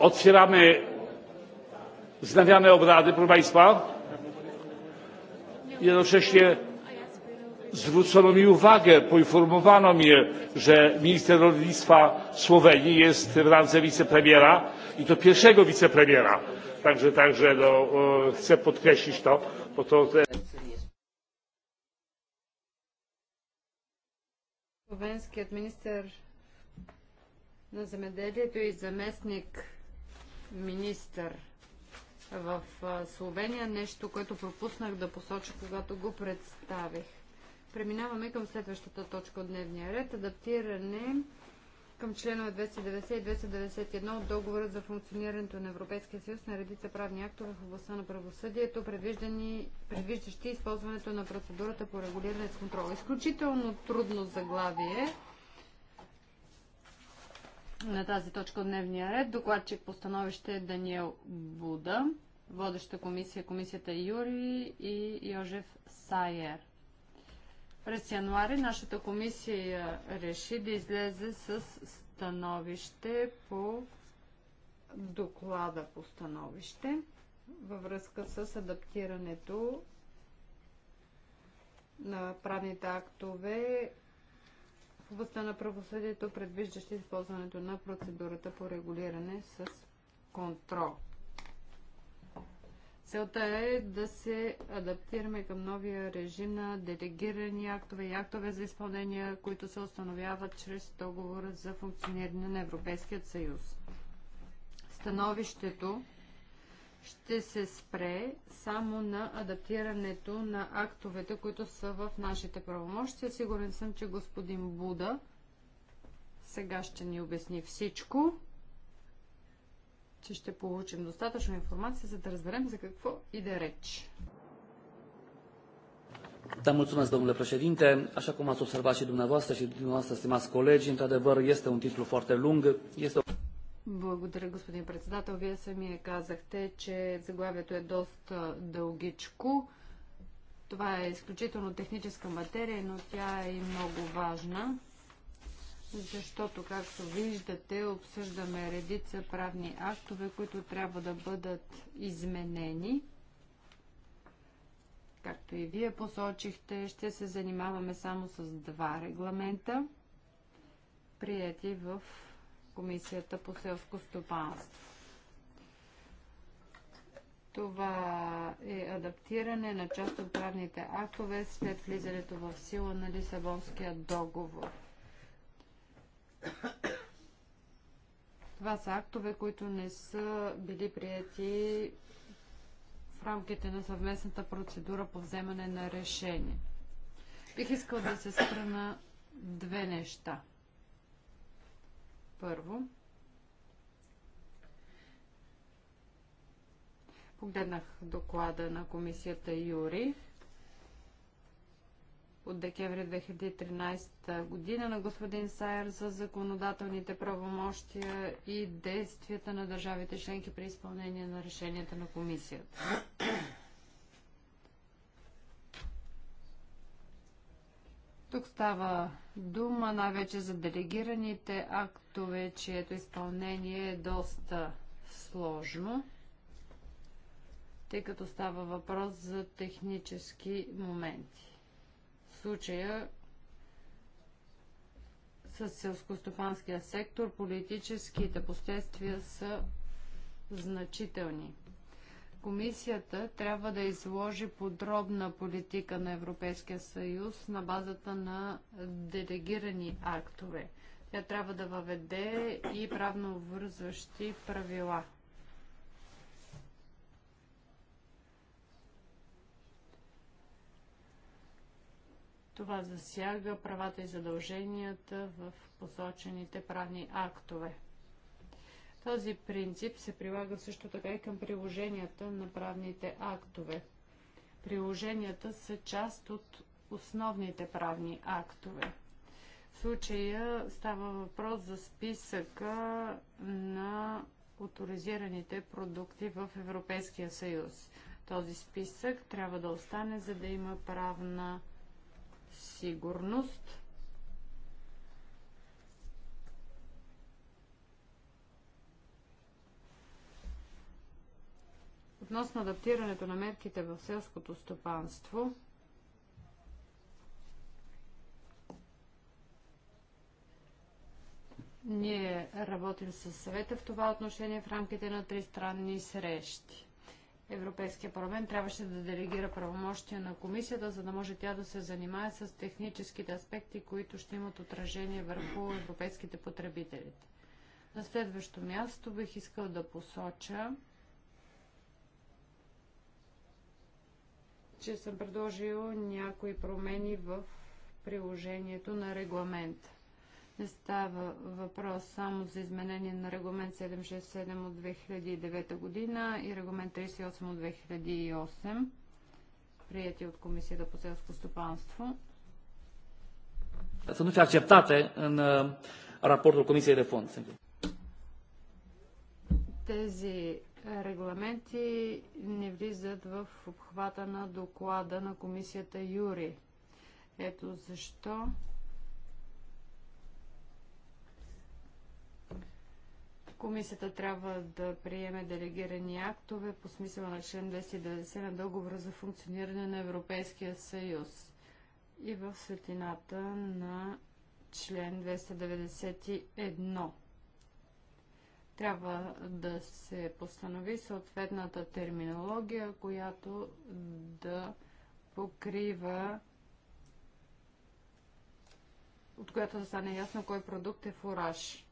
Otwieramy znawiane obrady, proszę Państwa. Jednocześnie zwrócono mi uwagę, poinformowano mnie, że minister rolnictwa Słowenii jest w randze wicepremiera i to pierwszego wicepremiera. Także, także no, chcę podkreślić to, bo to... Словенският министр на to и zamestnik министър в Словения, нещо, което пропуснах да посоча, когато го представих. Преминаваме към следващата точка от дневния ред. Адаптиране към членове 290 и 291 от договора за функционирането на Европейския съюз на редица правни актове в областта на правосъдието, предвиждащи използването на процедурата по регулиране с контрол. Изключително трудно заглавие на тази точка от дневния ред. Докладчик по становище е Даниел Буда, водеща комисия комисията Юри и Йожев Сайер. През януари нашата комисия реши да излезе с становище по доклада по становище във връзка с адаптирането на правните актове областта на правосъдието, предвиждащи използването на процедурата по регулиране с контрол. Целта е да се адаптираме към новия режим на делегирани актове и актове за изпълнение, които се установяват чрез договора за функциониране на Европейският съюз. Становището ще се спре само на адаптирането на актовете, които са в нашите правомощия. Сигурен съм, че господин Буда сега ще ни обясни всичко, че ще получим достатъчно информация, за да разберем за какво иде да реч. Da, mulțumesc, domnule președinte. Așa cum ați observat și dumneavoastră și dumneavoastră, stimați colegi, într-adevăr este un titlu foarte lung. Este o... Благодаря, господин председател. Вие самия казахте, че заглавието е доста дългичко. Това е изключително техническа материя, но тя е и много важна, защото, както виждате, обсъждаме редица правни актове, които трябва да бъдат изменени. Както и вие посочихте, ще се занимаваме само с два регламента, прияти в Комисията по селско стопанство. Това е адаптиране на част от правните актове след влизането в сила на Лисабонския договор. Това са актове, които не са били прияти в рамките на съвместната процедура по вземане на решение. Бих искал да се спра на две неща – първо, погледнах доклада на комисията Юри от декември 2013 година на господин Сайер за законодателните правомощия и действията на държавите членки при изпълнение на решенията на комисията. Тук става дума най-вече за делегираните актове, чието изпълнение е доста сложно, тъй като става въпрос за технически моменти. В случая с селскостопанския сектор политическите последствия са значителни. Комисията трябва да изложи подробна политика на Европейския съюз на базата на делегирани актове. Тя трябва да въведе и правно вързващи правила. Това засяга правата и задълженията в посочените правни актове. Този принцип се прилага също така и към приложенията на правните актове. Приложенията са част от основните правни актове. В случая става въпрос за списъка на авторизираните продукти в Европейския съюз. Този списък трябва да остане, за да има правна сигурност – Относно адаптирането на мерките в селското стопанство, Ние работим със съвета в това отношение в рамките на три странни срещи. Европейския парламент трябваше да делегира правомощия на комисията, за да може тя да се занимае с техническите аспекти, които ще имат отражение върху европейските потребителите. На следващо място бих искал да посоча, че съм предложил някои промени в приложението на регламент. Не става въпрос само за изменение на регламент 767 от 2009 година и регламент 38 от 2008, прияти от Комисията по селско стопанство. Să nu fie acceptate în uh, raportul Comisiei de Fond. Тези регламенти не влизат в обхвата на доклада на комисията Юри. Ето защо Комисията трябва да приеме делегирани актове по смисъла на член 290 на договора за функциониране на Европейския съюз и в светлината на член 291 трябва да се постанови съответната терминология, която да покрива от която да стане ясно кой продукт е фураж.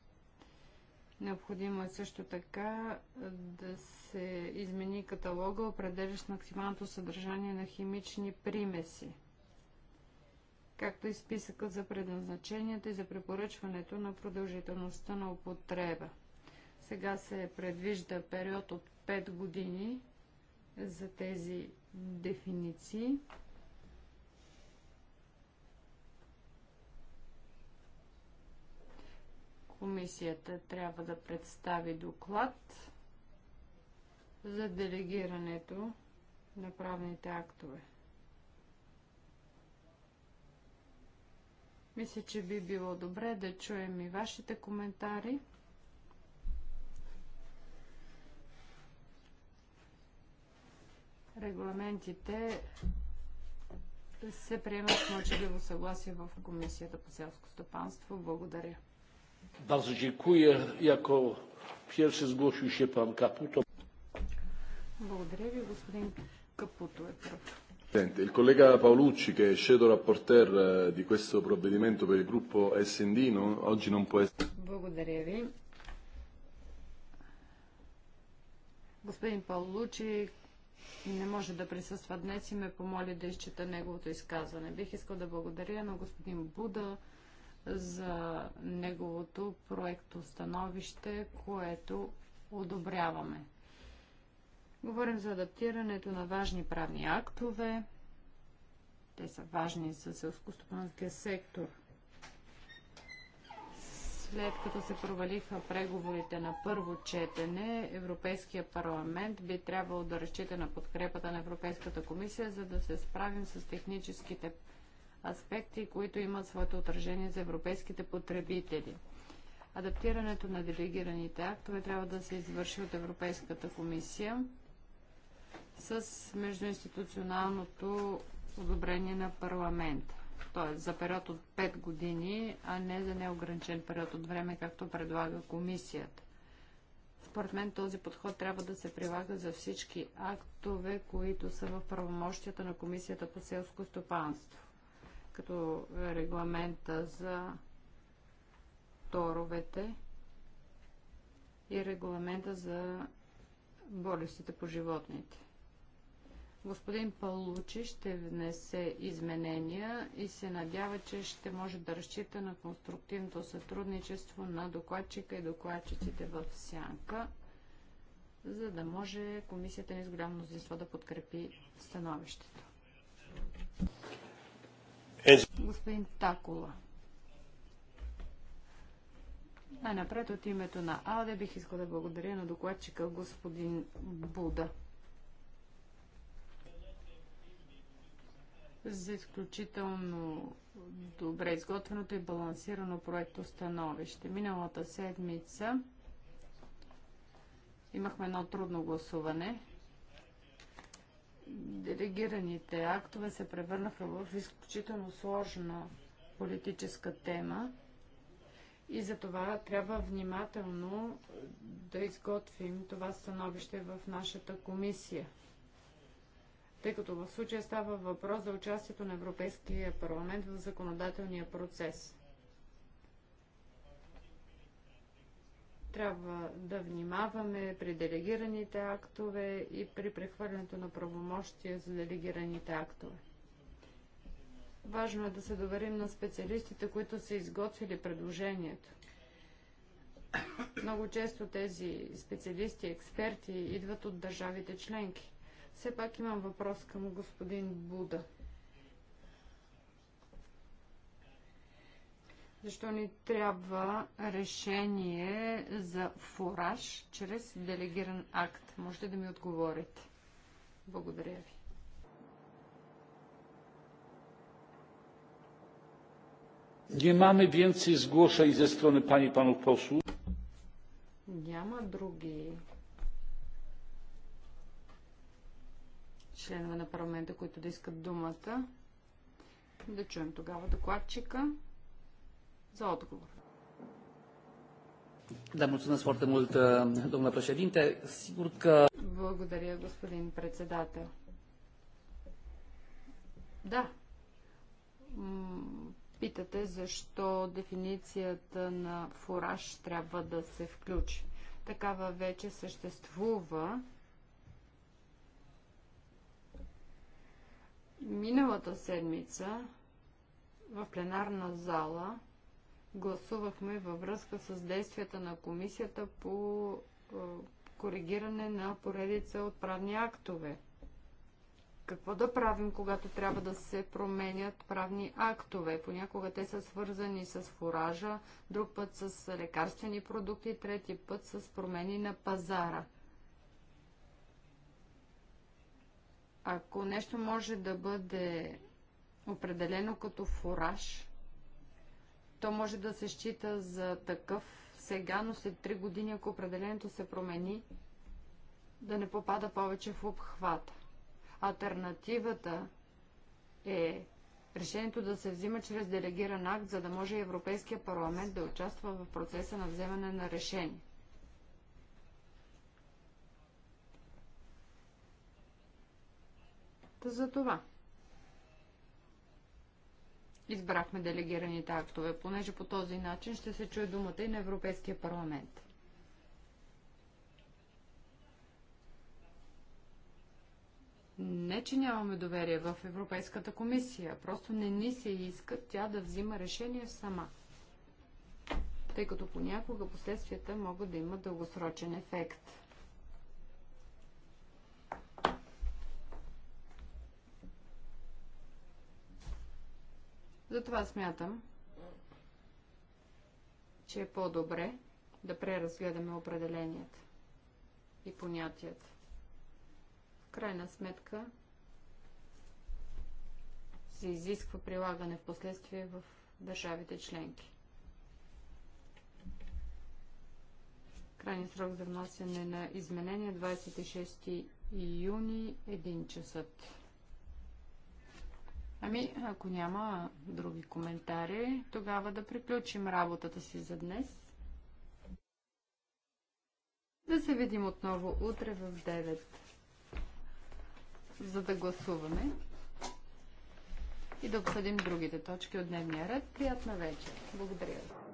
Необходимо е също така да се измени каталога, определящ максималното съдържание на химични примеси, както и списъка за предназначението и за препоръчването на продължителността на употреба. Сега се предвижда период от 5 години за тези дефиниции. Комисията трябва да представи доклад за делегирането на правните актове. Мисля, че би било добре да чуем и вашите коментари. Регламентите се приемат с мълчаливо съгласие в Комисията по селско стопанство. Благодаря. Bardzo dziękuję. Jako pierwszy zgłosił się pan Kaputo. Благодаря ви, господин Капуто е прав. Presidente, il collega Paolucci, che è shadow rapporteur di questo provvedimento per il gruppo SD, no, oggi non può essere. Благодаря ви. Господин Паулучи, не може да присъства днес и ме помоли да изчита неговото изказване. Бих искал да благодаря на господин Буда за неговото проекто становище, което одобряваме. Говорим за адаптирането на важни правни актове. Те са важни за селскостопанския сектор – след като се провалиха преговорите на първо четене, Европейския парламент би трябвало да разчита на подкрепата на Европейската комисия, за да се справим с техническите аспекти, които имат своето отражение за европейските потребители. Адаптирането на делегираните актове трябва да се извърши от Европейската комисия с междуинституционалното одобрение на парламента т.е. за период от 5 години, а не за неограничен период от време, както предлага комисията. Според мен този подход трябва да се прилага за всички актове, които са в правомощията на Комисията по селско стопанство, като регламента за торовете и регламента за болестите по животните. Господин Палучи ще внесе изменения и се надява, че ще може да разчита на конструктивното сътрудничество на докладчика и докладчиците в Сянка, за да може комисията ни с голямо мнозинство да подкрепи становището. Господин Такола. Най-напред от името на АОДЕ бих искал да благодаря на докладчика господин Буда. за изключително добре изготвеното и балансирано проекто становище. Миналата седмица имахме едно трудно гласуване. Делегираните актове се превърнаха в изключително сложна политическа тема и за това трябва внимателно да изготвим това становище в нашата комисия – тъй като в случая става въпрос за участието на Европейския парламент в законодателния процес. Трябва да внимаваме при делегираните актове и при прехвърлянето на правомощия за делегираните актове. Важно е да се доверим на специалистите, които са изготвили предложението. Много често тези специалисти, експерти идват от държавите членки. Все пак имам въпрос към господин Буда. Защо ни трябва решение за фораж чрез делегиран акт? Можете да ми отговорите. Благодаря ви. Не имаме więcej zgłoszeń ze strony pani i panów posłów. Nie ma членове на парламента, които да искат думата. Да чуем тогава докладчика за отговор. Да, mulțumesc foarte mult, domnule președinte. Sigur că... Благодаря, господин председател. Да. Питате защо дефиницията на фураж трябва да се включи. Такава вече съществува Миналата седмица в пленарна зала гласувахме във връзка с действията на комисията по е, коригиране на поредица от правни актове. Какво да правим, когато трябва да се променят правни актове? Понякога те са свързани с фуража, друг път с лекарствени продукти, трети път с промени на пазара – Ако нещо може да бъде определено като фураж, то може да се счита за такъв сега, но след 3 години, ако определението се промени, да не попада повече в обхвата. Альтернативата е решението да се взима чрез делегиран акт, за да може Европейския парламент да участва в процеса на вземане на решение. Та за това. Избрахме делегираните актове, понеже по този начин ще се чуе думата и на Европейския парламент. Не, че нямаме доверие в Европейската комисия, просто не ни се иска тя да взима решение сама. Тъй като понякога последствията могат да имат дългосрочен ефект. Затова смятам, че е по-добре да преразгледаме определенията и понятията. В крайна сметка се изисква прилагане в последствие в държавите членки. Крайният срок за внасяне на изменения 26 е юни 1 часът. Ами, ако няма други коментари, тогава да приключим работата си за днес. Да се видим отново утре в 9, за да гласуваме и да обсъдим другите точки от дневния ред. Приятна вечер! Благодаря ви!